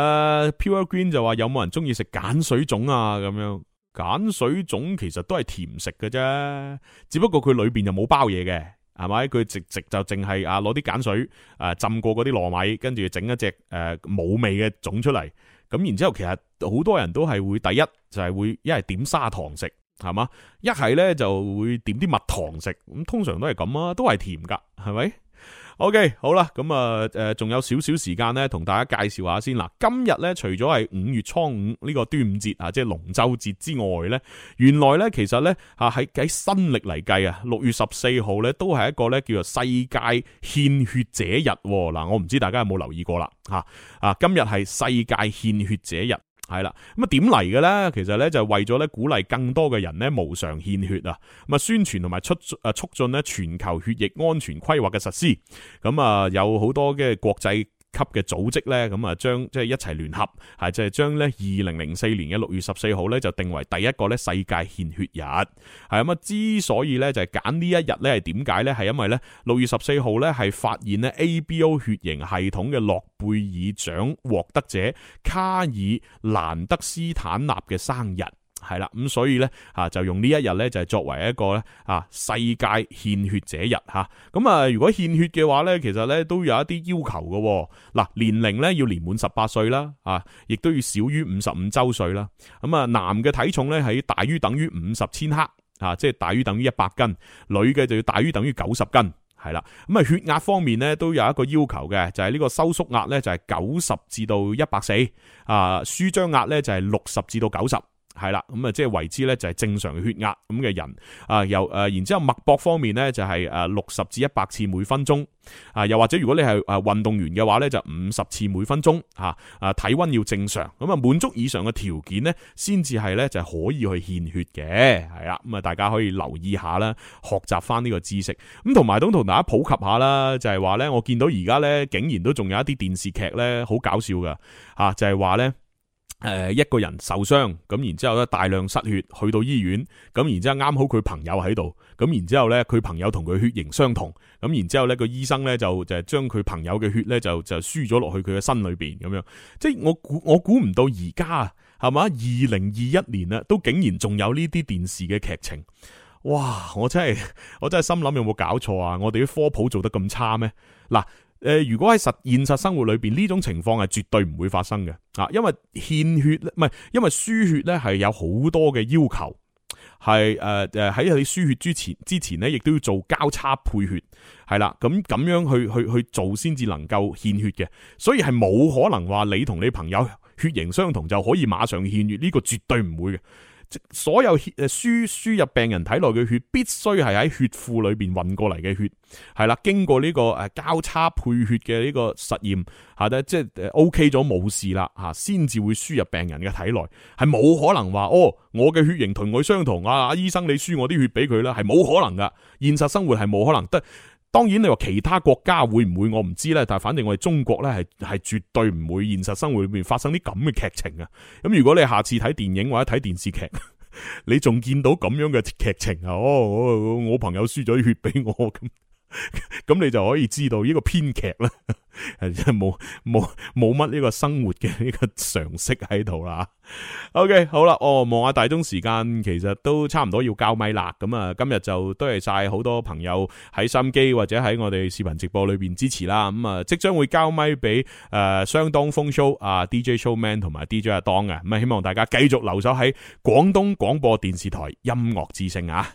啊、，Pure Green 就話有冇人中意食鹼水粽啊？咁樣鹼水粽其實都係甜食嘅啫，只不過佢裏邊就冇包嘢嘅。係咪？佢直直就淨係啊攞啲鹼水啊浸過嗰啲糯米，跟住整一隻誒冇味嘅粽出嚟。咁然之後，其實好多人都係會第一就係、是、會一係點砂糖食，係嘛？一係咧就會點啲蜜糖食。咁通常都係咁啊，都係甜噶，係咪？OK，好啦，咁啊，誒，仲有少少時間咧，同大家介紹下先。嗱，今日咧，除咗係五月初五呢個端午節啊，即係龍舟節之外咧，原來咧，其實咧，吓喺新曆嚟計啊，六月十四號咧，都係一個咧叫做世界獻血者日。嗱，我唔知大家有冇留意過啦，吓，啊，今日係世界獻血者日。係啦，咁啊點嚟嘅咧？其實咧就係為咗咧鼓勵更多嘅人咧無償獻血啊！咁啊宣傳同埋促誒促進咧全球血液安全規劃嘅實施，咁啊有好多嘅國際。級嘅組織咧，咁啊將即係一齊聯合，係即係將咧二零零四年嘅六月十四號咧就定為第一個咧世界獻血日，係咁啊。之所以咧就係揀呢一日咧係點解咧？係因為咧六月十四號咧係發現呢 ABO 血型系統嘅諾貝爾獎獲得者卡爾蘭德斯坦納嘅生日。係啦，咁所以咧，啊就用呢一日咧，就係作為一個咧啊世界獻血者日吓。咁啊，如果獻血嘅話咧，其實咧都有一啲要求嘅。嗱，年齡咧要年滿十八歲啦，啊，亦都要少於五十五周歲啦。咁啊，男嘅體重咧喺大於等於五十千克啊，即係大於等於一百斤；女嘅就要大於等於九十斤。係啦，咁啊，血壓方面咧都有一個要求嘅，就係呢個收縮壓咧就係九十至到一百四啊，舒張壓咧就係六十至到九十。係啦，咁啊，即係為之咧就係正常嘅血壓咁嘅人，啊，由誒、啊、然之後脈搏方面咧就係誒六十至一百次每分鐘，啊，又或者如果你係誒運動員嘅話咧就五十次每分鐘，吓，啊，體溫要正常，咁啊滿足以上嘅條件咧，先至係咧就係可以去獻血嘅。係啦，咁啊大家可以留意下啦，學習翻呢個知識，咁同埋都同大家普及下啦，就係話咧我見到而家咧竟然都仲有一啲電視劇咧好搞笑噶。吓、啊、就係話咧。誒、呃，一個人受傷咁，然之後咧大量失血，去到醫院咁，然之後啱好佢朋友喺度，咁然之後咧佢朋友同佢血型相同，咁然之後咧個醫生咧就就將佢朋友嘅血咧就就輸咗落去佢嘅身裏邊咁樣，即係我估我估唔到而家啊，係嘛？二零二一年啊，都竟然仲有呢啲電視嘅劇情，哇！我真係我真係心諗有冇搞錯啊？我哋啲科普做得咁差咩？嗱。誒，如果喺實現實生活裏邊呢種情況係絕對唔會發生嘅，啊，因為獻血咧，唔係因為輸血咧係有好多嘅要求，係誒誒喺你輸血之前之前咧，亦都要做交叉配血，係啦，咁咁樣去去去做先至能夠獻血嘅，所以係冇可能話你同你朋友血型相同就可以馬上獻血，呢個絕對唔會嘅。所有血輸輸入病人體內嘅血，必須係喺血庫裏邊運過嚟嘅血，係啦，經過呢個誒交叉配血嘅呢個實驗，吓咧，即誒 O K 咗冇事啦，吓，先至會輸入病人嘅體內，係冇可能話哦，我嘅血型同佢相同啊，醫生你輸我啲血俾佢啦，係冇可能噶，現實生活係冇可能得。當然你話其他國家會唔會我唔知咧，但係反正我哋中國咧係係絕對唔會現實生活裏面發生啲咁嘅劇情啊！咁如果你下次睇電影或者睇電視劇，你仲見到咁樣嘅劇情啊？哦，我朋友輸咗血俾我咁。咁 你就可以知道呢個編劇啦，係冇冇冇乜呢個生活嘅呢個常識喺度啦。OK，好啦，哦，望下大鐘時間，其實都差唔多要交咪啦。咁啊，今日就多謝晒好多朋友喺心機或者喺我哋視頻直播裏邊支持啦。咁啊，即將會交咪俾誒、呃，相當風騷啊，DJ Showman 同埋 DJ 阿當啊，咁啊，啊，啊，希望大家繼續留守喺廣東廣播電視台音樂之聲啊。